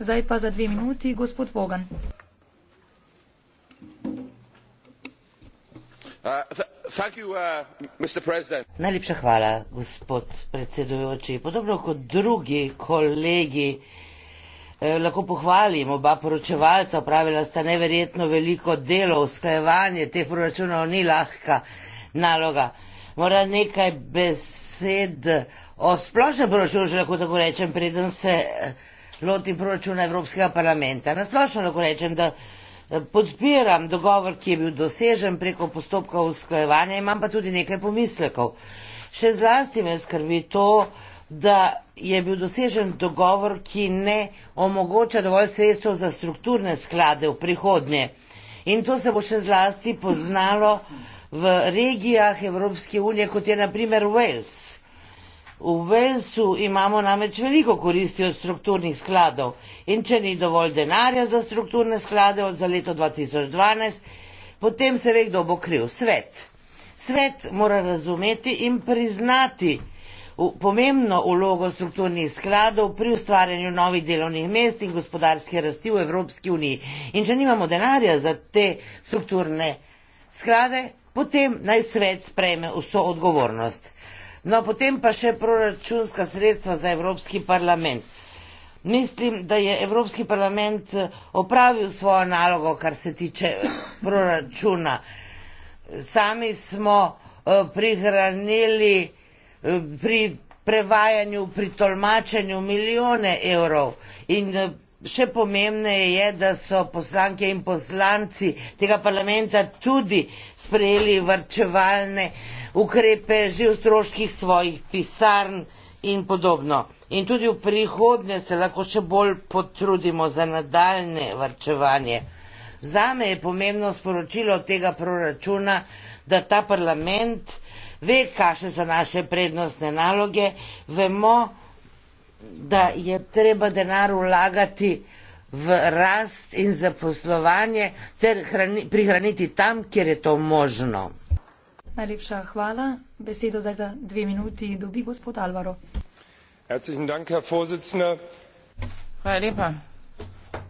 Zdaj pa za dve minuti, gospod Vogan. Uh, uh, Najlepša hvala, gospod predsedujoči. Podobno kot drugi kolegi, eh, lahko pohvalim oba poročevalca, opravila sta neverjetno veliko delo, usklajevanje teh proračunov ni lahka naloga. Mora nekaj besed o splošnem proračunu, že lahko tako rečem, preden se eh, lotim proračuna Evropskega parlamenta. Na splošno lahko rečem, da podpiram dogovor, ki je bil dosežen preko postopka usklajevanja, imam pa tudi nekaj pomislekov. Še zlasti me skrbi to, da je bil dosežen dogovor, ki ne omogoča dovolj sredstev za strukturne sklade v prihodnje. In to se bo še zlasti poznalo v regijah Evropske unije, kot je naprimer Wales. V Velsu imamo namreč veliko koristi od strukturnih skladov in če ni dovolj denarja za strukturne sklade od za leto 2012, potem se ve, kdo bo kriv. Svet. Svet mora razumeti in priznati pomembno ulogo strukturnih skladov pri ustvarjanju novih delovnih mest in gospodarske rasti v Evropski uniji. In če nimamo denarja za te strukturne sklade, potem naj svet sprejme vso odgovornost. No, potem pa še proračunska sredstva za Evropski parlament. Mislim, da je Evropski parlament eh, opravil svojo nalogo, kar se tiče eh, proračuna. Sami smo eh, prihranili pri prevajanju, pri tolmačenju milijone evrov in še pomembneje je, da so poslanke in poslanci tega parlamenta tudi sprejeli varčevalne uh, ukrepe že v stroških svojih pisarn in podobno. In tudi v prihodnje se lahko še bolj potrudimo za nadaljne varčevanje. Zame je pomembno sporočilo tega proračuna, da ta parlament ve, kakšne so naše prednostne naloge, vemo, da je treba denar vlagati v rast in zaposlovanje ter hrani, prihraniti tam, kjer je to možno. Najlepša hvala. Besedo zdaj za dve minuti dobi gospod Alvaro. Dank, hvala lepa.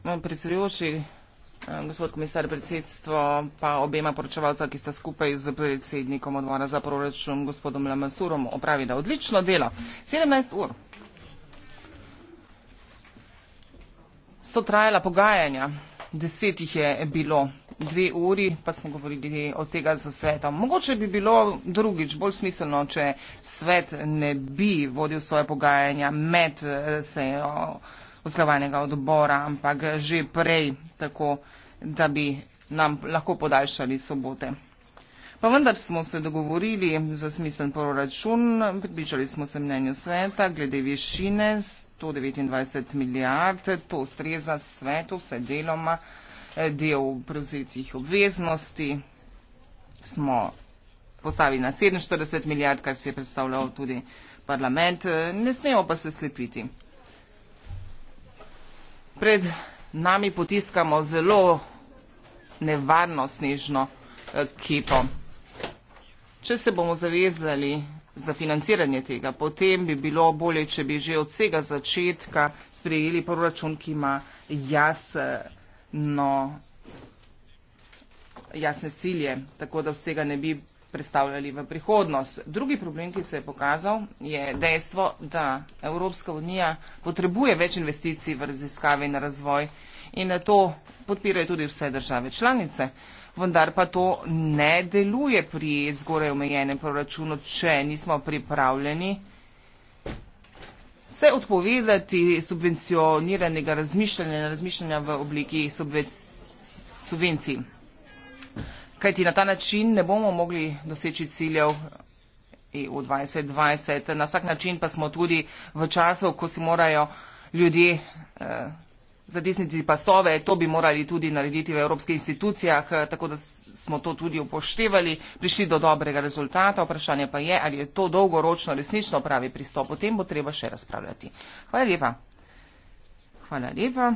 Moj predsedujoči, eh, gospod komisar predsedstvo, pa obema poročevalca, ki sta skupaj z predsednikom odbora za proračun, gospodom Lamasurom, opravila odlično delo. 17 ur so trajala pogajanja, deset jih je bilo dve uri, pa smo govorili o tega za svetom. Mogoče bi bilo drugič bolj smiselno, če svet ne bi vodil svoje pogajanja med eh, sejo usklavanega odbora, ampak že prej, tako da bi nam lahko podaljšali sobote. Pa vendar smo se dogovorili za smiseln proračun, pripričali smo se mnenju sveta glede višine 129 milijard, to ustreza svetu, vse deloma. Eh, del prevzetih obveznosti smo postavili na 47 milijard, kar se je predstavljal tudi parlament. Eh, ne smemo pa se slepiti. Pred nami potiskamo zelo nevarno snežno eh, kipo. Če se bomo zavezali za financiranje tega, potem bi bilo bolje, če bi že od vsega začetka sprejeli proračun, ki ima jaz no, jasne cilje, tako da vsega ne bi predstavljali v prihodnost. Drugi problem, ki se je pokazal, je dejstvo, da Evropska unija potrebuje več investicij v raziskave in razvoj in na to podpirajo tudi vse države članice, vendar pa to ne deluje pri zgoraj omejenem proračunu, če nismo pripravljeni uh, se odpovedati subvencioniranega razmišljanja, razmišljanja v obliki subvencij. Kajti na ta način ne bomo mogli doseči ciljev EU 2020. Na vsak način pa smo tudi v času, ko si morajo ljudje eh, zatisniti pasove, to bi morali tudi narediti v evropskih institucijah, eh, tako da smo to tudi upoštevali, prišli do dobrega rezultata. Vprašanje pa je, ali je to dolgoročno resnično pravi pristop. O tem bo treba še razpravljati. Hvala lepa. Hvala lepa.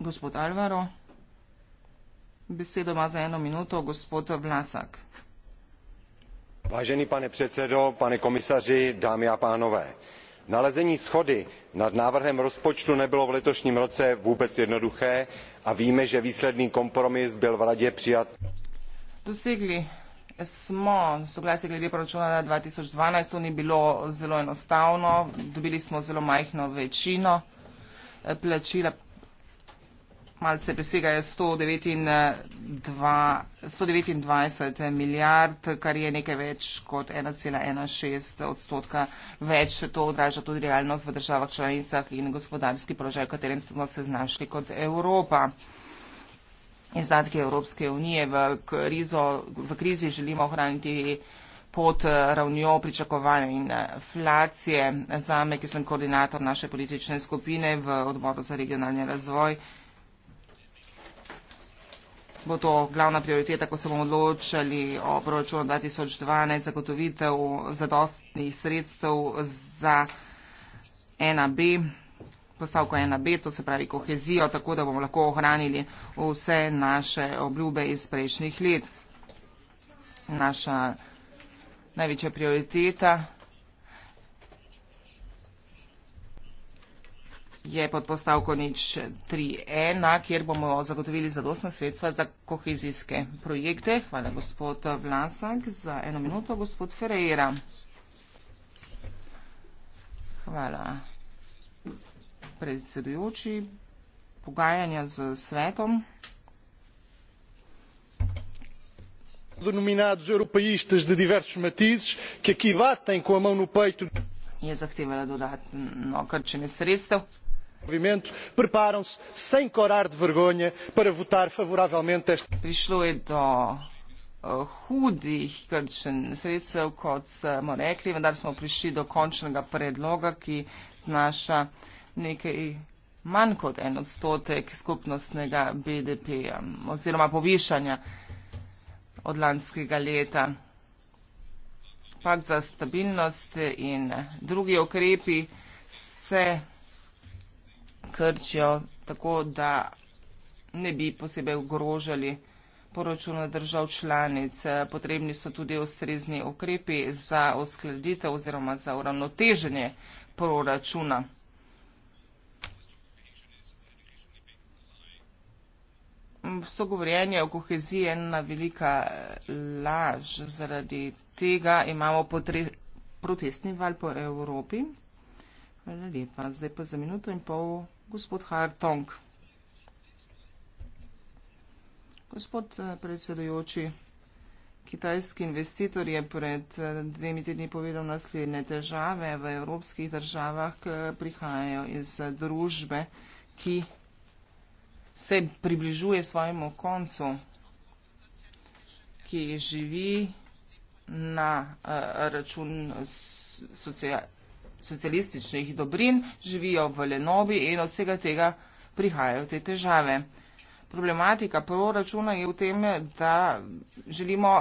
Gospod Alvaro, besedo ima za eno minuto gospod Vlasak. Vážený pane predsedo, pane komisaři, dámy a pánové nalezení shody nad návrhem rozpočtu nebylo v letošním roce vůbec jednoduché a víme že výsledný kompromis byl v radě přijat Dosegli smo soglasje glede proračuna na 2012, to ni bilo zelo enostavno, dobili smo zelo majhno večino plačila malce presegajo 129 milijard, kar je nekaj več kot 1,16 odstotka več. To odraža tudi realnost v državah članicah in gospodarski položaj, v katerem smo se znašli kot Evropa. Izdatki Evropske unije v, krizo, v krizi želimo ohraniti pod ravnjo pričakovanja inflacije. Zame, ki sem koordinator naše politične skupine v odboru za regionalni razvoj, bo to glavna prioriteta, ko se bomo odločali o proračunu 2012, zagotovitev zadostnih sredstev za 1B, postavko 1B, to se pravi kohezijo, tako da bomo lahko ohranili vse naše obljube iz prejšnjih let. Naša največja prioriteta. je pod postavko nič 3.1, kjer bomo zagotovili zadostna sredstva za kohezijske projekte. Hvala gospod Vlasak za eno minuto, gospod Ferreira. Hvala predsedujoči. Pogajanja z svetom. denominados europeístas de diversos matizes que aqui batem com a mão no peito. E a zahtevala dodatno krčenje sredstev movimento preparam se sem corar de vergonha para votar favoravelmente esta prišlo je do eh, hudih krčenj sredstev, kot smo rekli, vendar smo prišli do končnega predloga, ki znaša nekaj manj kot en odstotek skupnostnega BDP-ja oziroma povišanja od lanskega leta. Pakt za stabilnost in drugi okrepi se Krčijo, tako da ne bi posebej ogrožali poročuna držav članic. Potrebni so tudi ustrezni ukrepi za uskladitev oziroma za uravnoteženje proračuna. Sogovorjenje o kohezije je ena velika laž, zaradi tega imamo protestni val po Evropi. Hvala lepa. Zdaj pa za minuto in pol gospod Hartong. Gospod eh, predsedujoči, kitajski investitor je pred eh, dvemi tedni povedal naslednje težave v evropskih državah, ki eh, prihajajo iz družbe, ki se približuje svojemu koncu, ki živi na račun socialnosti socialističnih dobrin, živijo v lenobi in od vsega tega prihajajo te težave. Problematika proračuna je v tem, da želimo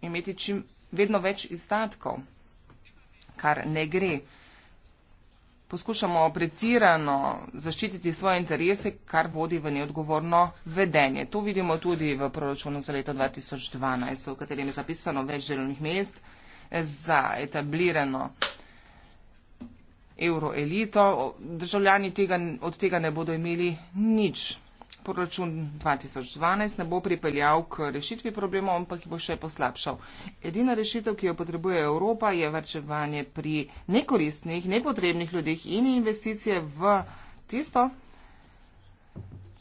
imeti čim vedno več izdatkov, kar ne gre. Poskušamo precirano zaščititi svoje interese, kar vodi v neodgovorno vedenje. To vidimo tudi v proračunu za leto 2012, v katerem je zapisano več delovnih mest za etablirano evroelito. Državljani tega, od tega ne bodo imeli nič. Poračun 2012 ne bo pripeljal k rešitvi problemov, ampak jih bo še poslabšal. Edina rešitev, ki jo potrebuje Evropa, je vrčevanje pri nekoristnih, nepotrebnih ljudih in investicije v tisto,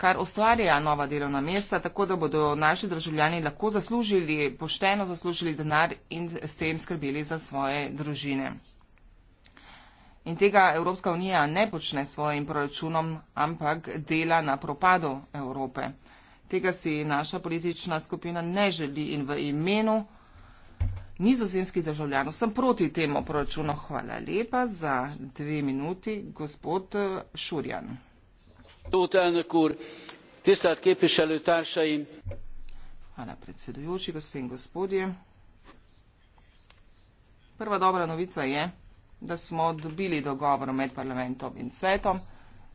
kar ustvarja nova delovna mesta, tako da bodo naši državljani lahko zaslužili, pošteno zaslužili denar in s tem skrbeli za svoje družine. In tega Evropska unija ne počne s svojim proračunom, ampak dela na propadu Evrope. Tega si naša politična skupina ne želi in v imenu nizozemskih državljanov sem proti temu proračunu. Hvala lepa za dve minuti, gospod eh, Šurjan. Hvala predsedujoči, gospod in gospodje. Prva dobra novica je, da smo dobili dogovor med parlamentom in svetom,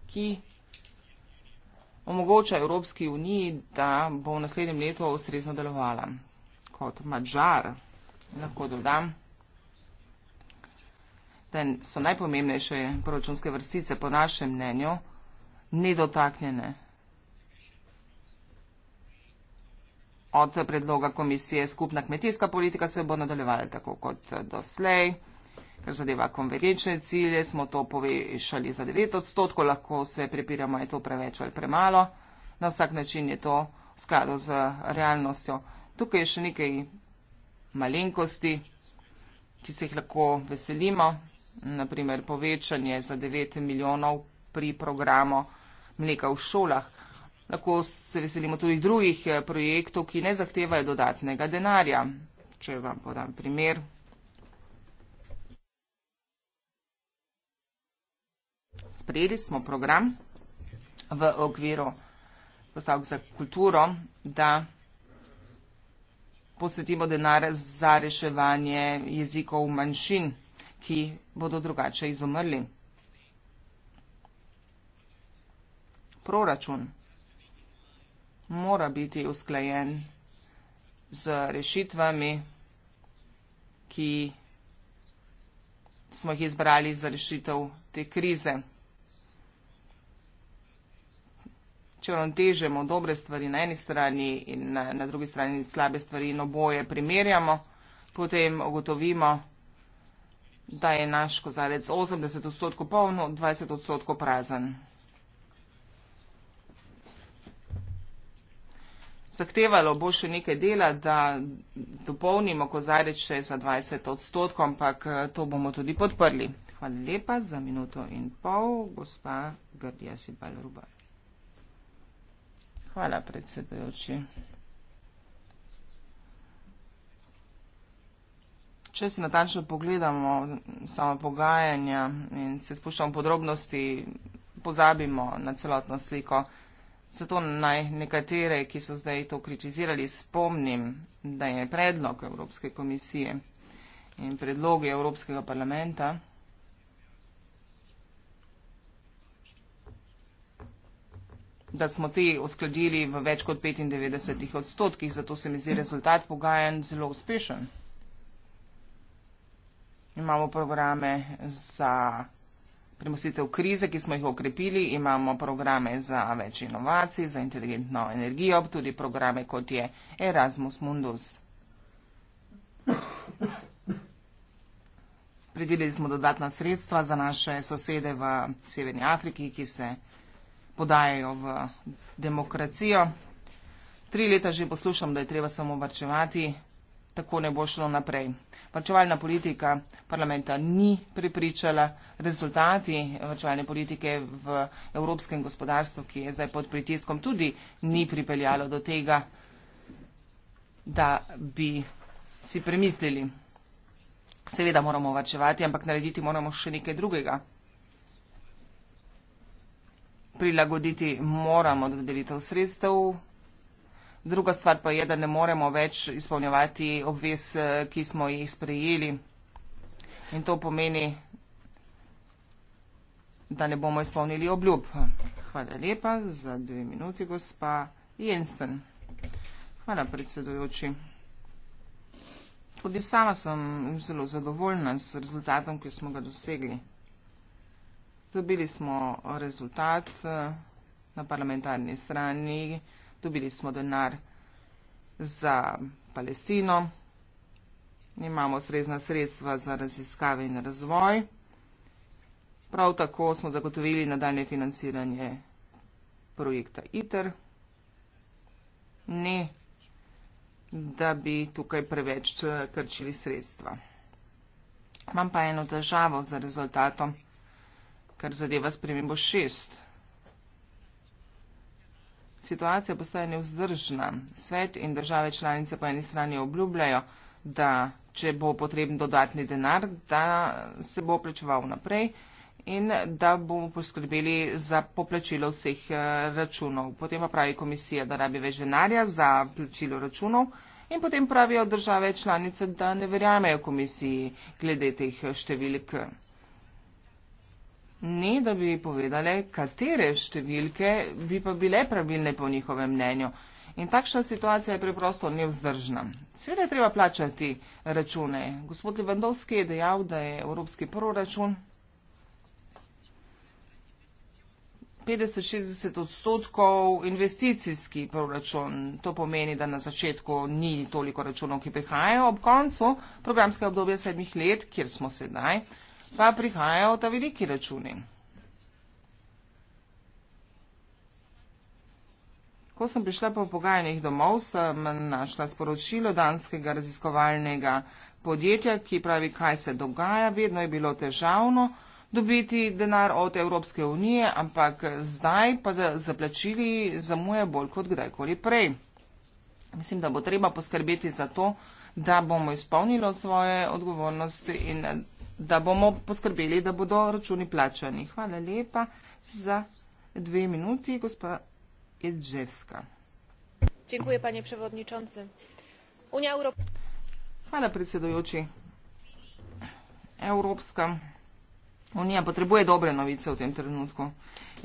ki omogoča Evropski uniji, da bo v naslednjem letu ustrezno delovala. Kot mačar lahko dodam, da so najpomembnejše proračunske vrstice po našem mnenju nedotaknjene. Od predloga komisije skupna kmetijska politika se bo nadaljevala tako kot doslej. Kar zadeva konvergenčne cilje, smo to povešali za 9 odstotkov, lahko se prepiramo, je to preveč ali premalo. Na vsak način je to v skladu z realnostjo. Tukaj je še nekaj malenkosti, ki se jih lahko veselimo. Naprimer, povečanje za 9 milijonov pri programu mleka v šolah. Lahko se veselimo tudi drugih eh, projektov, ki ne zahtevajo dodatnega denarja. Če vam podam primer, sprejeli smo program v okviru postavk za kulturo, da posvetimo denar za reševanje jezikov manjšin, ki bodo drugače izumrli. Proračun mora biti usklajen z rešitvami, ki smo jih izbrali za rešitev te krize. če uravnotežemo dobre stvari na eni strani in na, na drugi strani slabe stvari in oboje primerjamo, potem ugotovimo, da je naš kozarec 80 odstotkov poln, 20 odstotkov prazen. Zahtevalo bo še nekaj dela, da dopolnimo kozarec še za 20 odstotkov, ampak to bomo tudi podprli. Hvala lepa za minuto in pol, gospa Grdija Sibal Rubar. Hvala, predsedujoči. Če si natančno pogledamo samo pogajanja in se spuščamo v podrobnosti, pozabimo na celotno sliko. Zato naj nekatere, ki so zdaj to kritizirali, spomnim, da je predlog Evropske komisije in predlogi Evropskega parlamenta da smo te uskladili v več kot 95 odstotkih, zato se mi zdi rezultat pogajanj zelo uspešen. Imamo programe za premustitev krize, ki smo jih okrepili, imamo programe za več inovacij, za inteligentno energijo, tudi programe kot je Erasmus Mundus. Predvideli smo dodatna sredstva za naše sosede v Severni Afriki, ki se podajajo v demokracijo. Tri leta že poslušam, da je treba samo varčevati, tako ne bo šlo naprej. Varčevalna politika parlamenta ni pripričala. Rezultati varčevalne politike v evropskem gospodarstvu, ki je zdaj pod pritiskom, tudi ni pripeljalo do tega, da bi si premislili. Seveda moramo varčevati, ampak narediti moramo še nekaj drugega prilagoditi moramo dodelitev sredstev. Druga stvar pa je, da ne moremo več izpolnjevati obvez, eh, ki smo jih sprejeli. In to pomeni, da ne bomo izpolnili obljub. Hvala lepa za dve minuti, gospa Jensen. Hvala, predsedujoči. Tudi sama sem zelo zadovoljna s rezultatom, ki smo ga dosegli. Dobili smo rezultat eh, na parlamentarni strani, dobili smo denar za Palestino, imamo srezna sredstva za raziskave in razvoj. Prav tako smo zagotovili nadaljne financiranje projekta ITER. Ne, da bi tukaj preveč eh, krčili sredstva. Imam pa eno težavo za rezultatom kar zadeva spremembo šest. Situacija postaje nevzdržna. Svet in države članice po eni strani obljubljajo, da če bo potreben dodatni denar, da se bo plačeval naprej in da bomo poskrbeli za poplačilo vseh eh, računov. Potem pa pravi komisija, da rabi več denarja za plačilo računov in potem pravijo države članice, da ne verjamejo komisiji glede teh številk ne da bi povedale, katere številke bi pa bile pravilne po njihovem mnenju. In takšna situacija je preprosto nevzdržna. Sveda je treba plačati račune. Gospod Levandovski je dejal, da je evropski proračun 50-60 odstotkov investicijski proračun. To pomeni, da na začetku ni toliko računov, ki prihajajo. Ob koncu programskega obdobja sedmih let, kjer smo sedaj, pa prihajajo ta veliki računi. Ko sem prišla po pogajanjih domov, sem našla sporočilo danskega raziskovalnega podjetja, ki pravi, kaj se dogaja. Vedno je bilo težavno dobiti denar od Evropske unije, ampak zdaj pa zaplačili zamuje bolj kot kdajkoli prej. Mislim, da bo treba poskrbeti za to, da bomo izpolnili svoje odgovornosti in da bomo poskrbeli, da bodo računi plačani. Hvala lepa za dve minuti, gospa Edževska. Dziękuję, panie przewodniczący. Unia Europ... Hvala, predsedujoči. Evropska unija potrebuje dobre novice v tem trenutku.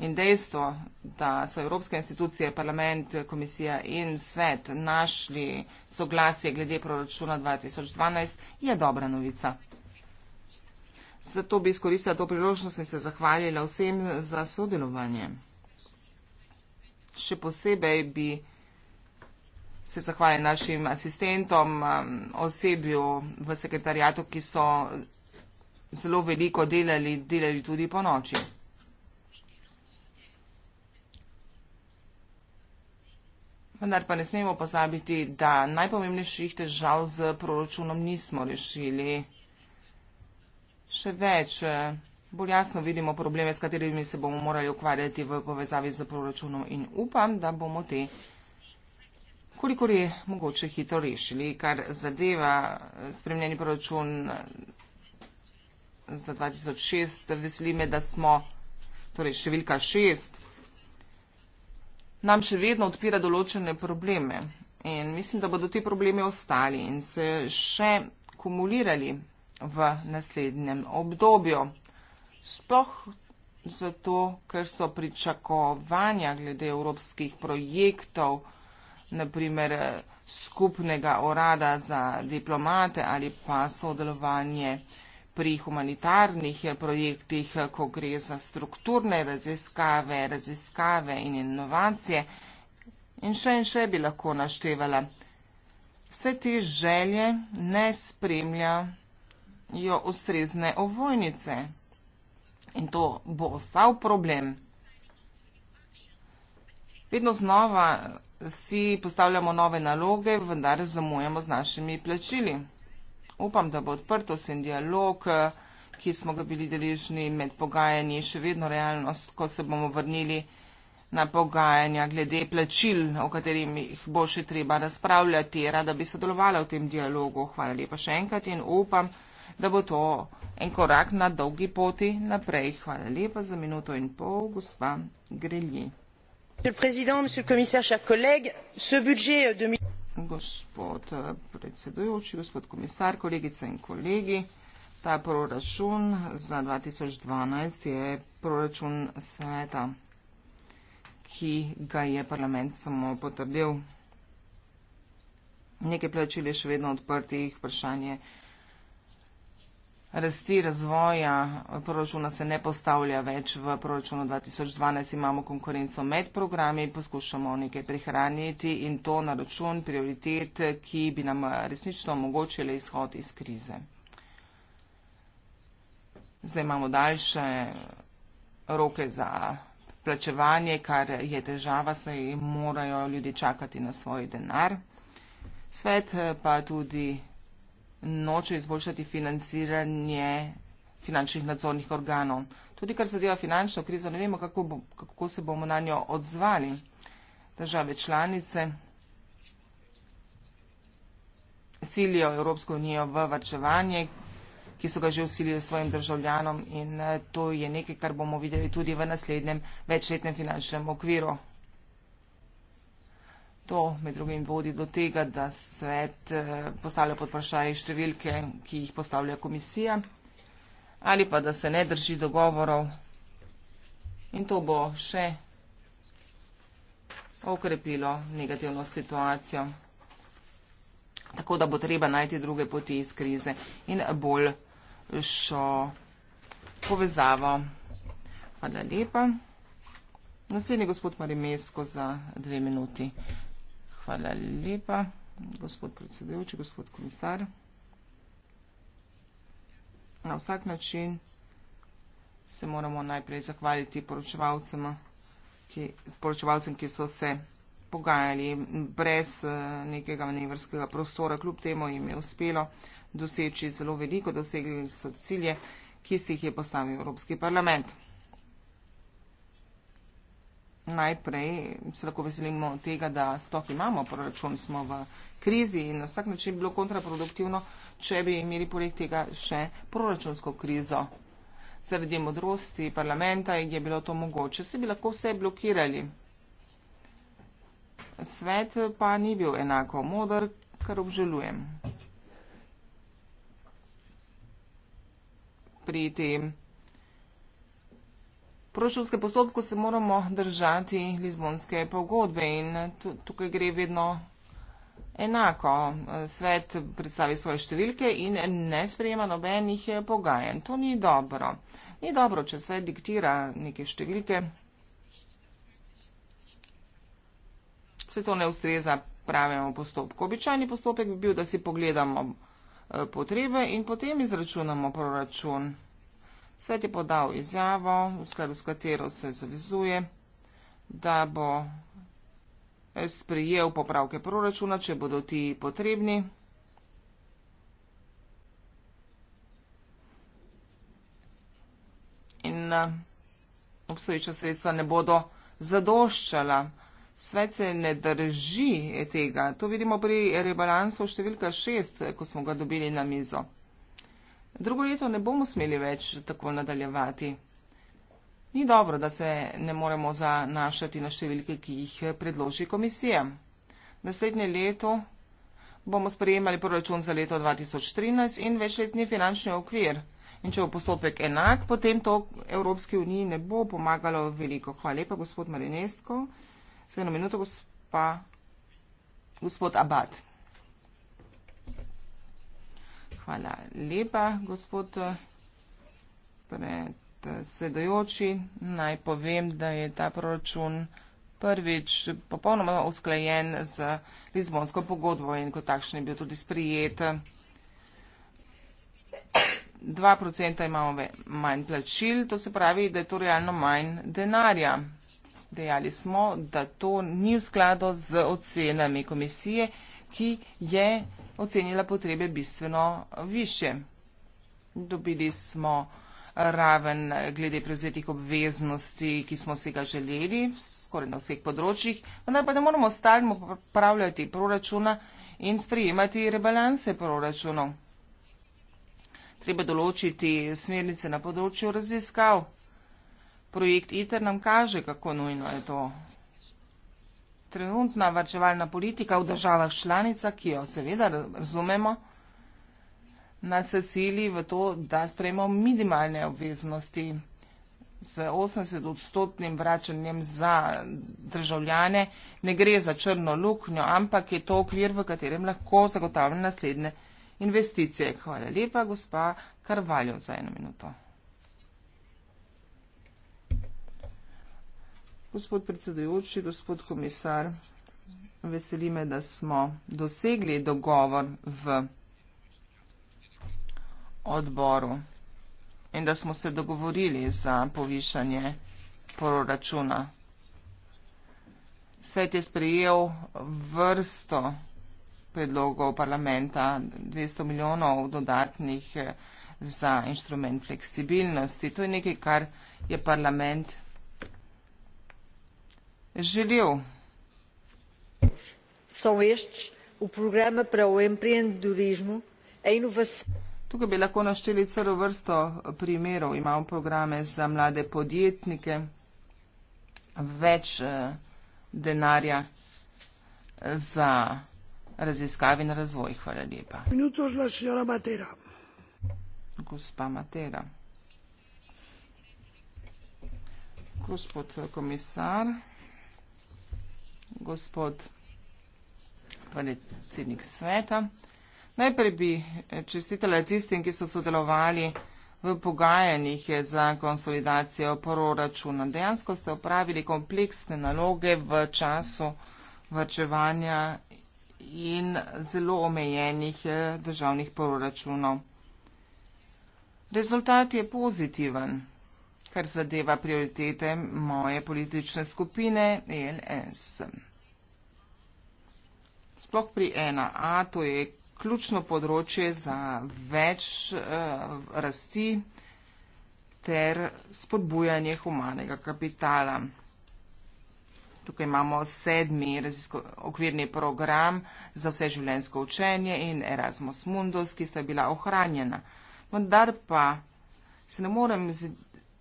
In dejstvo, da so evropske institucije, parlament, komisija in svet našli soglasje glede proračuna 2012, je dobra novica. Zato bi izkoristila to priložnost in se zahvalila vsem za sodelovanje. Še posebej bi se zahvalila našim asistentom, um, osebju v sekretarijatu, ki so zelo veliko delali, delali tudi po noči. Vendar pa ne smemo pozabiti, da najpomembnejših težav z proračunom nismo rešili še več. Eh, bolj jasno vidimo probleme, s katerimi se bomo morali ukvarjati v povezavi z proračunom in upam, da bomo te kolikor je mogoče hitro rešili, kar zadeva eh, spremljeni proračun eh, za 2006. Veseli me, da smo, torej številka šest, nam še vedno odpira določene probleme in mislim, da bodo ti problemi ostali in se še kumulirali v naslednjem obdobju. Sploh zato, ker so pričakovanja glede evropskih projektov, naprimer eh, skupnega orada za diplomate ali pa sodelovanje pri humanitarnih eh, projektih, eh, ko gre za strukturne raziskave, raziskave in inovacije. In še in še bi lahko naštevala. Vse te želje ne spremlja jo ustrezne ovojnice. In to bo ostal problem. Vedno znova si postavljamo nove naloge, vendar zamujamo z našimi plačili. Upam, da bo odprto sen dialog, ki smo ga bili deležni med pogajanji, še vedno realnost, ko se bomo vrnili na pogajanja glede plačil, o katerih bo še treba razpravljati. Rada bi sodelovala v tem dialogu. Hvala lepa še enkrat in upam, da bo odprto sen dialog da bo to en korak na dolgi poti naprej. Hvala lepa za minuto in pol, gospa Grelji. Gospod eh, predsedujoči, gospod komisar, kolegice in kolegi, ta proračun za 2012 je proračun sveta, ki ga je parlament samo potrdil. Nekaj plačil je še vedno odprtih, vprašanje je rasti razvoja eh, proračuna se ne postavlja več v proračunu 2012, imamo konkurenco med programi, poskušamo nekaj prihraniti in to na račun prioritet, ki bi nam eh, resnično omogočili izhod iz krize. Zdaj imamo daljše eh, roke za plačevanje, kar je težava, saj morajo ljudje čakati na svoj denar. Svet pa tudi noče izboljšati financiranje finančnih nadzornih organov. Tudi kar zadeva finančno krizo, ne vemo, kako, bo, kako se bomo na njo odzvali. Države članice silijo Evropsko unijo v varčevanje, ki so ga že usilili svojim državljanom in eh, to je nekaj, kar bomo videli tudi v naslednjem večletnem finančnem okviru. To med drugim vodi do tega, da svet eh, postavlja pod vprašaj številke, ki jih postavlja komisija, ali pa da se ne drži dogovorov. In to bo še okrepilo negativno situacijo. Tako da bo treba najti druge poti iz krize in bolj šo povezavo. Hvala lepa. Naslednji gospod Marimesko za dve minuti. Hvala lepa, gospod predsedujoči, gospod komisar. Na vsak način se moramo najprej zahvaliti poročevalcem, ki, ki so se pogajali brez eh, nekega manevrskega prostora. Kljub temu jim je uspelo doseči zelo veliko, dosegli so cilje, ki si jih je postavil Evropski parlament najprej se lahko veselimo tega, da sploh imamo proračun, smo v krizi in na vsak način bi bilo kontraproduktivno, če bi imeli poleg tega še proračunsko krizo. Zaradi modrosti parlamenta je bilo to mogoče, se bi lahko vse blokirali. Svet pa ni bil enako modr, kar obžalujem. Pri tem proračunskem postopku se moramo držati Lizbonske pogodbe in tukaj gre vedno enako. Svet predstavi svoje številke in ne sprejema nobenih pogajanj. To ni dobro. Ni dobro, če svet diktira neke številke. Se to ne ustreza pravemu postopku. Običajni postopek bi bil, da si pogledamo eh, potrebe in potem izračunamo proračun. Svet je podal izjavo, v skladu s katero se zavezuje, da bo sprijel popravke proračuna, če bodo ti potrebni. In eh, obstoječa sredstva ne bodo zadoščala. Svet se ne drži tega. To vidimo pri rebalansu številka 6, eh, ko smo ga dobili na mizo drugo leto ne bomo smeli več tako nadaljevati. Ni dobro, da se ne moremo zanašati na številke, ki jih predloži komisija. Naslednje leto bomo sprejemali proračun za leto 2013 in večletni finančni okvir. In če bo postopek enak, potem to Evropski uniji ne bo pomagalo veliko. Hvala lepa, gospod Marinesko. Za eno minuto, gospa, gospod Abad. Hvala lepa, gospod eh, predsedojoči. Naj povem, da je ta proračun prvič popolnoma usklajen z Lizbonsko pogodbo in kot takšen je bil tudi sprijet. 2% imamo manj plačil, to se pravi, da je to realno manj denarja. Dejali smo, da to ni v skladu z ocenami komisije, ki je ocenila potrebe bistveno više. Dobili smo raven glede prevzetih obveznosti, ki smo si ga želeli, skoraj na vseh področjih, vendar pa ne moramo stalno popravljati proračuna in sprejemati rebalanse proračunov. Treba določiti smernice na področju raziskav. Projekt ITER nam kaže, kako nujno je to trenutna varčevalna politika v državah članica, ki jo seveda razumemo, nas sili v to, da sprejmo minimalne obveznosti z 80-odstotnim vračanjem za državljane. Ne gre za črno luknjo, ampak je to okvir, v katerem lahko zagotavljamo naslednje investicije. Hvala lepa, gospa Karvaljo, za eno minuto. Gospod predsedujoči, gospod komisar, veseli me, da smo dosegli dogovor v odboru in da smo se dogovorili za povišanje proračuna. Svet je sprejel vrsto predlogov parlamenta, 200 milijonov dodatnih eh, za inštrument fleksibilnosti. To je nekaj, kar je parlament želel. Tukaj bi lahko našteli celo vrsto primerov. Imamo programe za mlade podjetnike, več eh, denarja eh, za raziskave in razvoj. Hvala lepa. Gospa Matera. Gospod eh, komisar gospod predsednik sveta. Najprej bi eh, čestitele tistim, ki so sodelovali v pogajanjih eh, za konsolidacijo proračuna. Dejansko ste opravili kompleksne naloge v času vrčevanja in zelo omejenih eh, državnih proračunov. Rezultat je pozitiven kar zadeva prioritete moje politične skupine ELS. Sploh pri 1A, to je ključno področje za več uh, rasti ter spodbujanje humanega kapitala. Tukaj imamo sedmi okvirni program za vse življenjsko učenje in Erasmus Mundus, ki sta bila ohranjena. Vendar pa se ne morem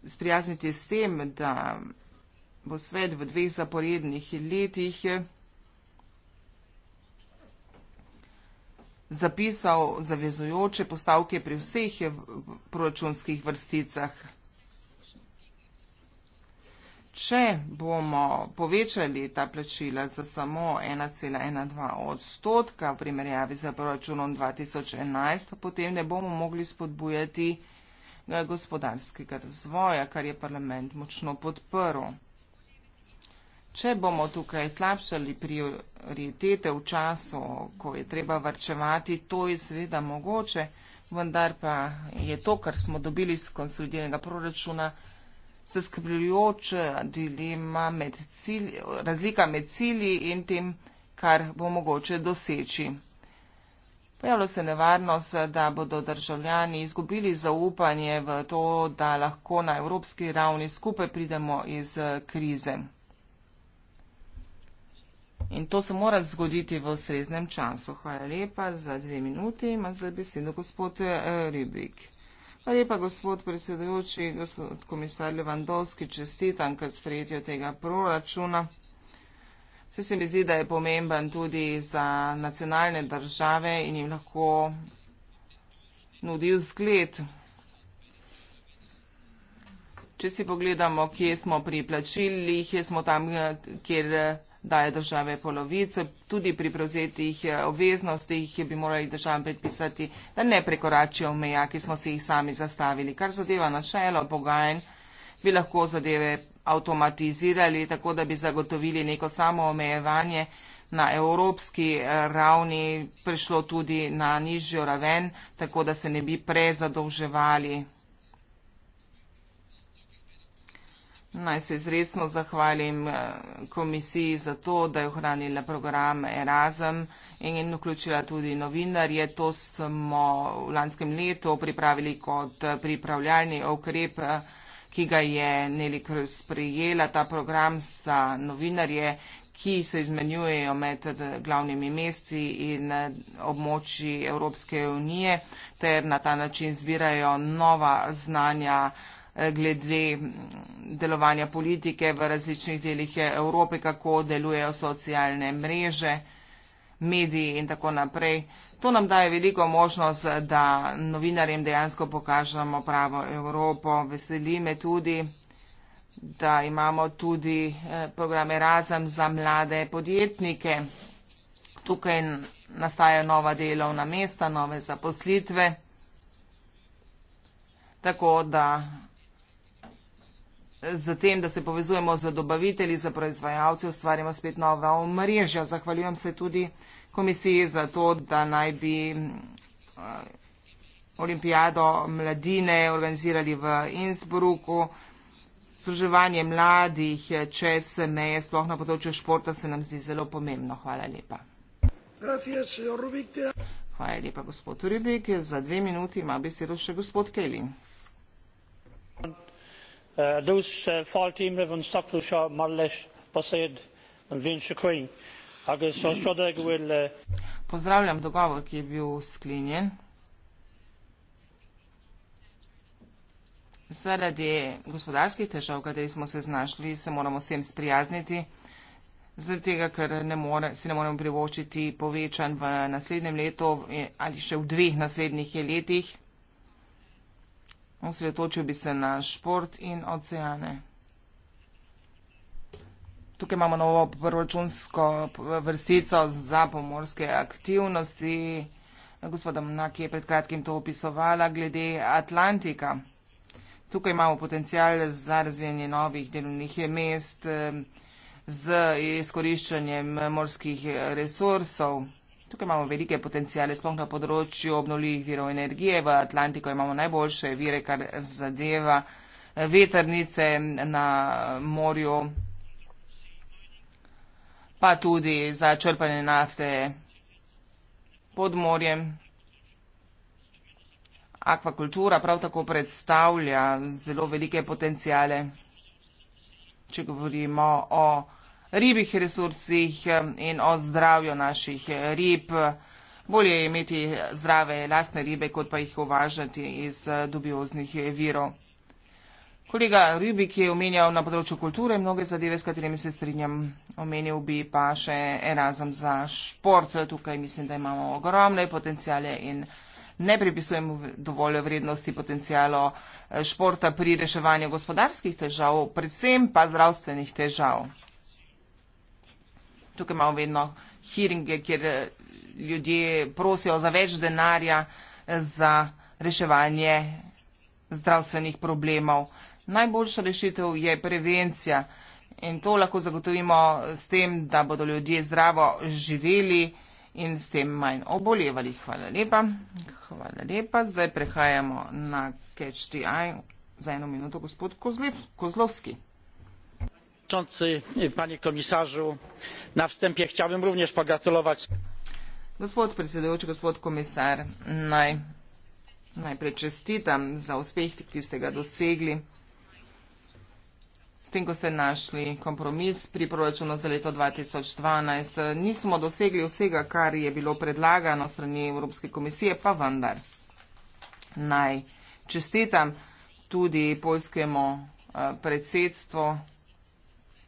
sprijazniti s tem, da bo svet v dveh zaporednih letih zapisal zavezujoče postavke pri vseh proračunskih vrsticah. Če bomo povečali ta plačila za samo 1,12 odstotka v primerjavi za proračunom 2011, potem ne bomo mogli spodbujati vsega. Eh, gospodarskega razvoja, kar je parlament močno podprl. Če bomo tukaj slabšali prioritete v času, ko je treba varčevati, to je seveda mogoče, vendar pa je to, kar smo dobili z konsolidiranega proračuna, se skrbljujoče eh, dilema med cilj, razlika med cilji in tem, kar bo mogoče doseči. Pojavlja se nevarnost, da bodo državljani izgubili zaupanje v to, da lahko na evropski ravni skupaj pridemo iz krize. In to se mora zgoditi v ustreznem času. Hvala lepa za dve minuti. Imam zdaj besedo gospod eh, Ribik. Hvala lepa gospod predsedujoči, gospod komisar Levandovski, čestitam k sprejetju tega proračuna. Vse se mi zdi, da je pomemben tudi za nacionalne države in jim lahko nudi vzgled. Če si pogledamo, kje smo pri plačilih, kje smo tam, kjer daje države polovice, tudi pri prevzetih obveznostih bi morali državam predpisati, da ne prekoračijo meja, ki smo si jih sami zastavili. Kar zadeva načelo pogajanj, bi lahko zadeve avtomatizirali, tako da bi zagotovili neko samoomejevanje na evropski eh, ravni, prišlo tudi na nižjo raven, tako da se ne bi prezadolževali. Naj se izredno zahvalim eh, komisiji za to, da je ohranila program Erasm in je vključila tudi novinarje. To smo v lanskem letu pripravili kot pripravljalni okrep. Eh, ki ga je Neli Kroz sprejela, ta program za novinarje, ki se izmenjujejo med eh, glavnimi mesti in eh, območji Evropske unije ter na ta način zbirajo nova znanja eh, glede mm, delovanja politike v različnih delih Evrope, kako delujejo socialne mreže, mediji in tako naprej. To nam daje veliko možnost, da novinarjem dejansko pokažemo pravo Evropo. Veseli me tudi, da imamo tudi eh, programe Razem za mlade podjetnike. Tukaj nastajajo nova delovna mesta, nove zaposlitve. Tako da z tem, da se povezujemo z dobavitelji, z proizvajalci, ustvarjamo spet nove omrežja. Zahvaljujem se tudi komisiji za to, da naj bi eh, olimpijado mladine organizirali v Innsbrucku. Združevanje mladih čez meje, sploh na področju športa, se nam zdi zelo pomembno. Hvala lepa. Hvala lepa, gospod Rubik. Za dve minuti ima besedo še gospod Kelly. Uh, eh, those uh, four teams have on Stockholm, more or less, Poseid and Vince Queen. Pozdravljam dogovor, ki je bil sklenjen. Zaradi gospodarskih težav, kateri smo se znašli, se moramo s tem sprijazniti, zaradi tega, ker ne more, si ne moremo privoščiti povečan v naslednjem letu ali še v dveh naslednjih letih. Osredotočil bi se na šport in oceane. Tukaj imamo novo proračunsko vrstico za pomorske aktivnosti. Gospoda Mnaki je pred kratkim to opisovala glede Atlantika. Tukaj imamo potencial za razvijanje novih delovnih mest z izkoriščanjem morskih resursov. Tukaj imamo velike potencijale, sploh na področju obnovljivih virov energije. V Atlantiko imamo najboljše vire, kar zadeva veternice na morju pa tudi za črpanje nafte pod morjem. Akvakultura prav tako predstavlja zelo velike potencijale, če govorimo o ribih resursih um, in o zdravju naših eh, rib. Bolje je imeti zdrave lastne ribe, kot pa jih uvažati iz eh, dubioznih virov. Kolega Rubik je omenjal na področju kulture mnoge zadeve, s katerimi se strinjam. Omenil bi pa še Erasmus za šport. Tukaj mislim, da imamo ogromne potencijale in ne pripisujemo dovolj vrednosti potencijalo eh, športa pri reševanju gospodarskih težav, predvsem pa zdravstvenih težav. Tukaj imamo vedno hearinge, kjer eh, ljudje prosijo za več denarja eh, za reševanje zdravstvenih problemov. Najboljša rešitev je prevencija in to lahko zagotovimo s tem, da bodo ljudje zdravo živeli in s tem manj obolevali. Hvala lepa. Hvala lepa. Zdaj prehajamo na CatchTI za eno minuto, gospod Kozlev, Kozlovski. Panie komisarzu, na wstępie chciałbym również pogratulować. Gospod predsedujoči, gospod komisar, naj, najprej čestitam za uspeh, ki ste ga dosegli. S tem, ko ste našli kompromis pri proračunu za leto 2012, nismo dosegli vsega, kar je bilo predlagano strani Evropske komisije, pa vendar naj čestitam tudi poljskemu eh, predsedstvu,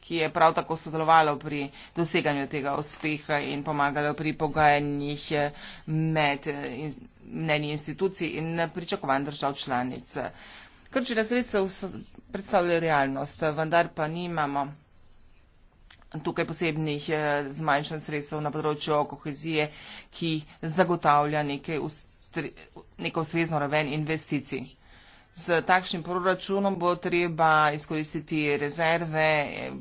ki je prav tako sodelovalo pri doseganju tega uspeha in pomagalo pri pogajanjih eh, med eh, mnenji institucij in pričakovanj držav članic. Krčenja sredstev predstavlja realnost, vendar pa nimamo tukaj posebnih eh, zmanjšanj sredstev na področju kohezije, ki zagotavlja nekaj ustre, neko ustrezno raven investicij. Z takšnim proračunom bo treba izkoristiti rezerve,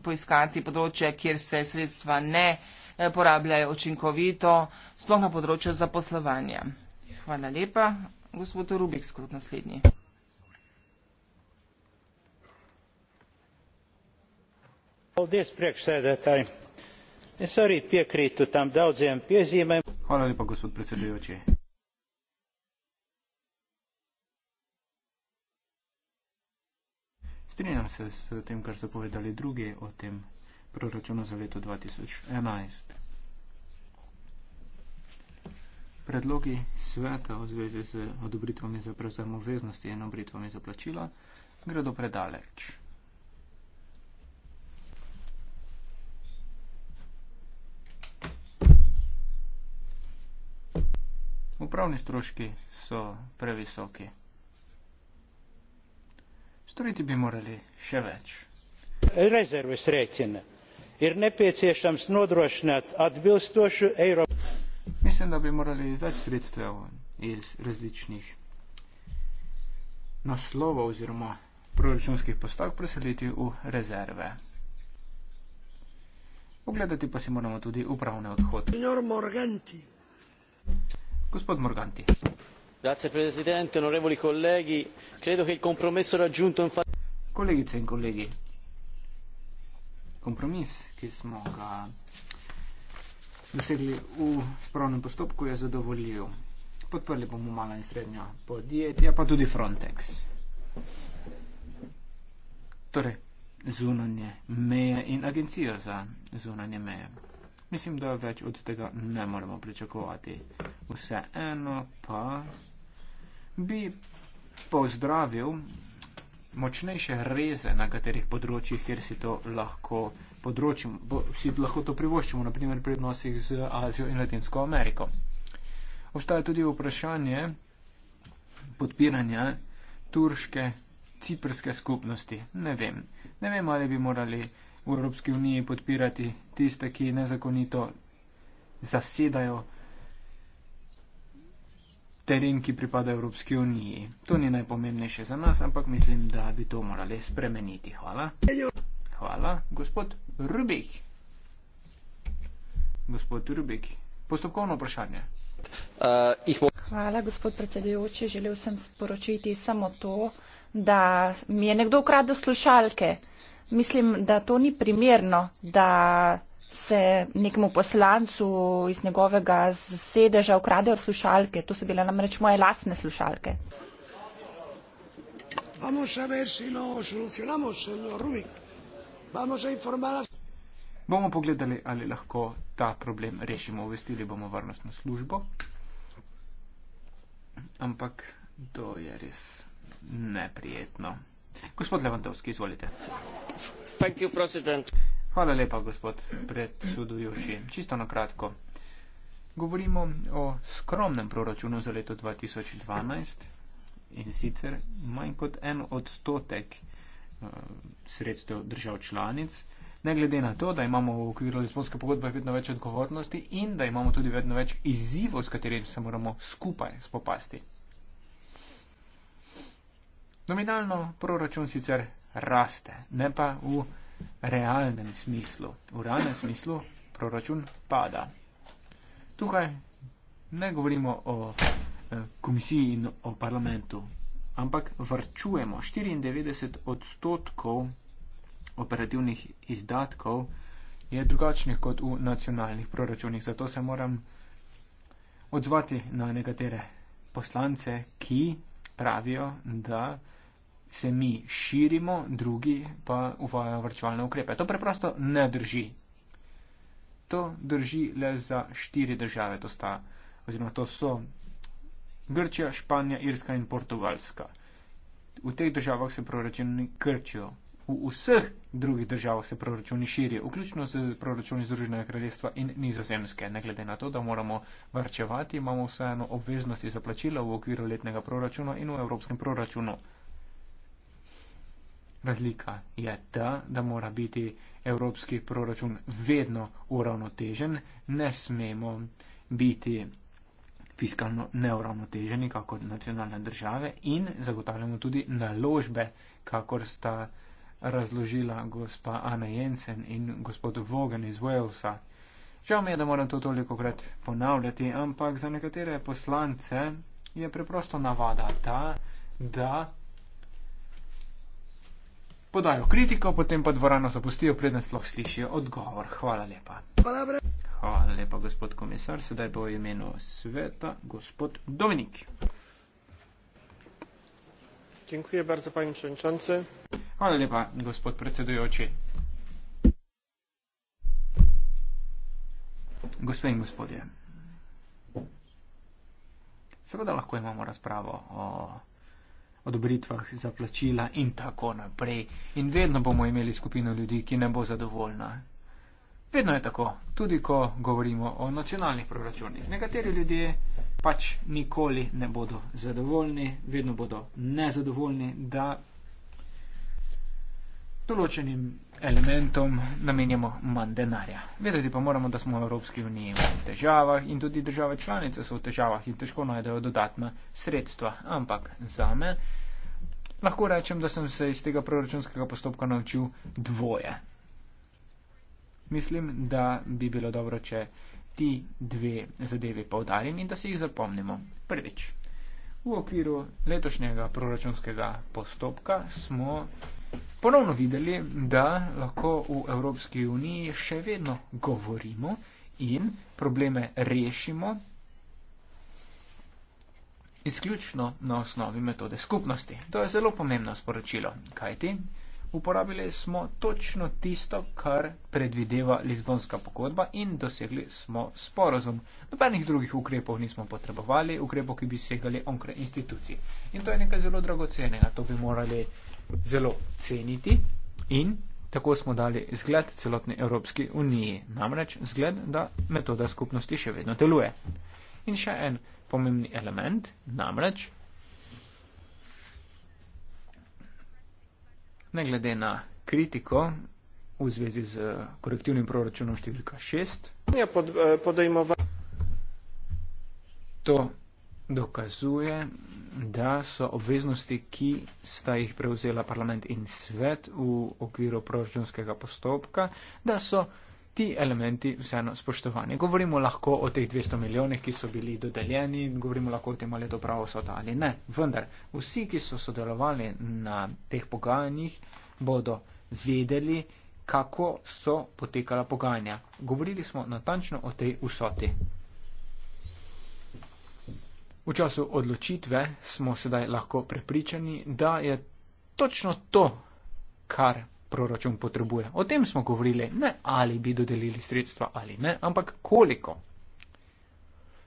poiskati področje, kjer se sredstva ne eh, porabljajo učinkovito, sploh na področju zaposlovanja. Hvala lepa. Gospod Rubik, skrut naslednji. Paldies, priekšsēdētāji. Es arī piekrītu tam daudziem piezīmēm. Hvala lepa, gospod predsedujoči. Strinjam se s tem, kar so povedali drugi o tem proračunu za leto 2011. Predlogi sveta v zvezi z odobritvami za prevzem obveznosti in obritvami za plačila gredo predaleč. Upravni stroški so previsoki. Storiti bi morali še več. Rezervi srečene. Ir nepieciešam snodrošnat atbilstošu eiro. Mislim, da bi morali več sredstev iz različnih naslova oziroma proračunskih postavk preseliti v rezerve. Ogledati pa si moramo tudi upravne odhodke. Gospod Morganti. Grazie Presidente, onorevoli colleghi, credo che il compromesso raggiunto in fatto... Kolegice in kolegi, kompromis, ki smo ga dosegli v spravnem postopku, je zadovoljiv. Podprli bomo mala in srednja podjetja, pa tudi Frontex. Torej, zunanje meje in agencijo za zunanje meje. Mislim, da več od tega ne moremo pričakovati. Vseeno pa bi pozdravil močnejše reze na katerih področjih, kjer si to lahko področjem, si lahko to privoščimo, naprimer pri odnosih z Azijo in Latinsko Ameriko. Obstaja tudi vprašanje podpiranja turške, ciprske skupnosti. Ne vem. Ne vem, ali bi morali v Evropski uniji podpirati tiste, ki nezakonito zasedajo teren, ki pripada Evropski uniji. To ni najpomembnejše za nas, ampak mislim, da bi to morali spremeniti. Hvala. Hvala, gospod Rubik. Gospod Rubik, postopkovno vprašanje. Uh, Hvala, gospod predsedujoči. Želel sem sporočiti samo to, da mi je nekdo ukradel slušalke. Mislim, da to ni primerno, da se nekemu poslancu iz njegovega sedeža ukradejo slušalke. To so bile namreč moje lasne slušalke. Bomo pogledali, ali lahko ta problem rešimo. Uvestili bomo varnostno službo. Ampak to je res neprijetno. Gospod Levantovski, izvolite. You, Hvala lepa, gospod predsedujoči. Čisto na kratko. Govorimo o skromnem proračunu za leto 2012 in sicer manj kot en odstotek eh, sredstev držav članic. Ne glede na to, da imamo v okviru Lizbonske pogodbe vedno več odgovornosti in da imamo tudi vedno več izzivov, s katerimi se moramo skupaj spopasti. Nominalno proračun sicer raste, ne pa v realnem smislu. V realnem smislu proračun pada. Tukaj ne govorimo o eh, komisiji in o parlamentu, ampak vrčujemo 94 odstotkov operativnih izdatkov je drugačnih kot v nacionalnih proračunih. Zato se moram odzvati na nekatere poslance, ki pravijo, da se mi širimo, drugi pa uvajajo vrčevalne ukrepe. To preprosto ne drži. To drži le za štiri države, to sta, oziroma to so Grčija, Španija, Irska in Portugalska. V teh državah se proračuni krčijo. V vseh drugih državah se proračuni širijo, vključno z proračuni Združenega kraljestva in nizozemske. Ne glede na to, da moramo vrčevati, imamo vseeno obveznosti za plačila v okviru letnega proračuna in v evropskem proračunu. Razlika je ta, da mora biti evropski proračun vedno uravnotežen, ne smemo biti fiskalno neuravnoteženi, kakor nacionalne države in zagotavljamo tudi naložbe, kakor sta razložila gospa Ana Jensen in gospod Vogan iz Walesa. Žal mi je, da moram to toliko krat ponavljati, ampak za nekatere poslance je preprosto navada ta, da podajo kritiko, potem pa dvorano zapustijo, predem sploh slišijo odgovor. Hvala lepa. Hvala lepa, gospod komisar. Sedaj bo imenu sveta gospod Dominik. Dziękuję bardzo panie przewodniczący. Hvala lepa, gospod predsedujoči. Gospe in gospodje, seveda lahko imamo razpravo o odobritvah za plačila in tako naprej. In vedno bomo imeli skupino ljudi, ki ne bo zadovoljna. Vedno je tako, tudi ko govorimo o nacionalnih proračunih. Nekateri ljudje pač nikoli ne bodo zadovoljni, vedno bodo nezadovoljni, da določenim elementom namenjamo manj denarja. Vedeti pa moramo, da smo v Evropski uniji v težavah in tudi države članice so v težavah in težko najdejo dodatna sredstva. Ampak za me lahko rečem, da sem se iz tega proračunskega postopka naučil dvoje. Mislim, da bi bilo dobro, če ti dve zadevi povdarim in da si jih zapomnimo. Prvič, v okviru letošnjega proračunskega postopka smo ponovno videli, da lahko v Evropski uniji še vedno govorimo in probleme rešimo izključno na osnovi metode skupnosti. To je zelo pomembno sporočilo, kajti uporabili smo točno tisto, kar predvideva Lizbonska pogodba in dosegli smo sporozum. Nobenih drugih ukrepov nismo potrebovali, ukrepov, ki bi segali onkraj institucij. In to je nekaj zelo dragocenega, to bi morali zelo ceniti in tako smo dali zgled celotni Evropski uniji, namreč zgled, da metoda skupnosti še vedno deluje. In še en pomembni element, namreč ne glede na kritiko v zvezi z korektivnim proračunom številka 6. Ja, pod, eh, podajmova. To dokazuje, da so obveznosti, ki sta jih prevzela parlament in svet v okviru proračunskega postopka, da so ti elementi vseeno spoštovani. Govorimo lahko o teh 200 milijonih, ki so bili dodeljeni, govorimo lahko o tem, ali je to prava vsota ali ne. Vendar, vsi, ki so sodelovali na teh pogajanjih, bodo vedeli, kako so potekala pogajanja. Govorili smo natančno o tej vsoti. V času odločitve smo sedaj lahko prepričani, da je točno to, kar proračun potrebuje. O tem smo govorili, ne ali bi dodelili sredstva ali ne, ampak koliko.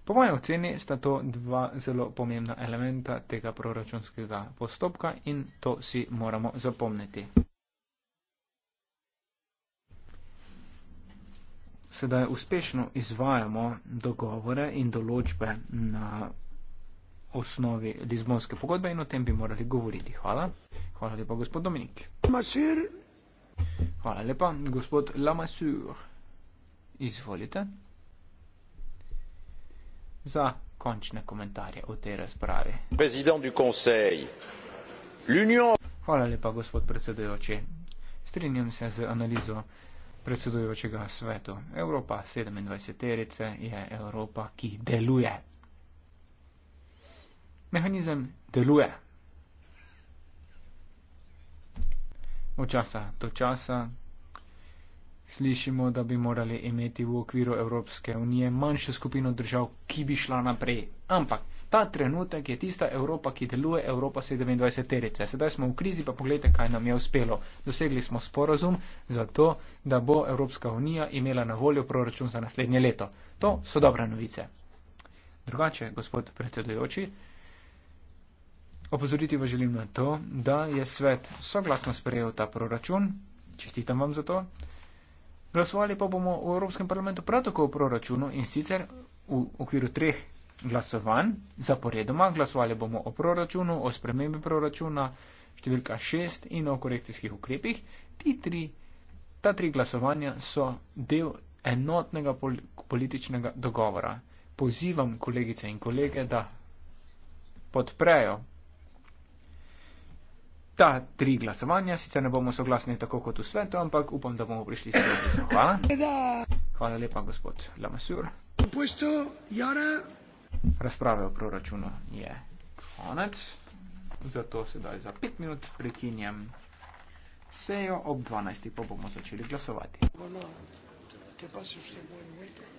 Po mojem oceni sta to dva zelo pomembna elementa tega proračunskega postopka in to si moramo zapomniti. Sedaj uspešno izvajamo dogovore in določbe na osnovi Lizbonske pogodbe in o tem bi morali govoriti. Hvala. Hvala lepa, gospod Dominik. Masir. Hvala lepa. Gospod Lamasur, izvolite za končne komentarje o tej razpravi. Hvala lepa, gospod predsedujoči. Strinjam se z analizo predsedujočega svetu. Evropa 27-terice je Evropa, ki deluje. Mehanizem deluje. od časa do časa slišimo, da bi morali imeti v okviru Evropske unije manjšo skupino držav, ki bi šla naprej. Ampak ta trenutek je tista Evropa, ki deluje, Evropa 27 terice. Sedaj smo v krizi, pa pogledajte, kaj nam je uspelo. Dosegli smo sporozum za to, da bo Evropska unija imela na voljo proračun za naslednje leto. To so dobre novice. Drugače, gospod predsedujoči, Opozoriti vas želim na to, da je svet soglasno sprejel ta proračun. Čestitam vam za to. Glasovali pa bomo v Evropskem parlamentu prav tako o proračunu in sicer v okviru treh glasovanj zaporedoma. Glasovali bomo o proračunu, o spremembi proračuna številka šest in o korekcijskih ukrepih. Ti tri, ta tri glasovanja so del enotnega pol političnega dogovora. Pozivam kolegice in kolege, da podprejo ta tri glasovanja. Sicer ne bomo soglasni tako kot v svetu, ampak upam, da bomo prišli s tem glasom. Hvala. Hvala lepa, gospod Lamasur. Razprave o proračunu je konec, zato sedaj za pet minut prekinjam sejo ob 12. pa bomo začeli glasovati. Hvala. Que passe usted buen momento.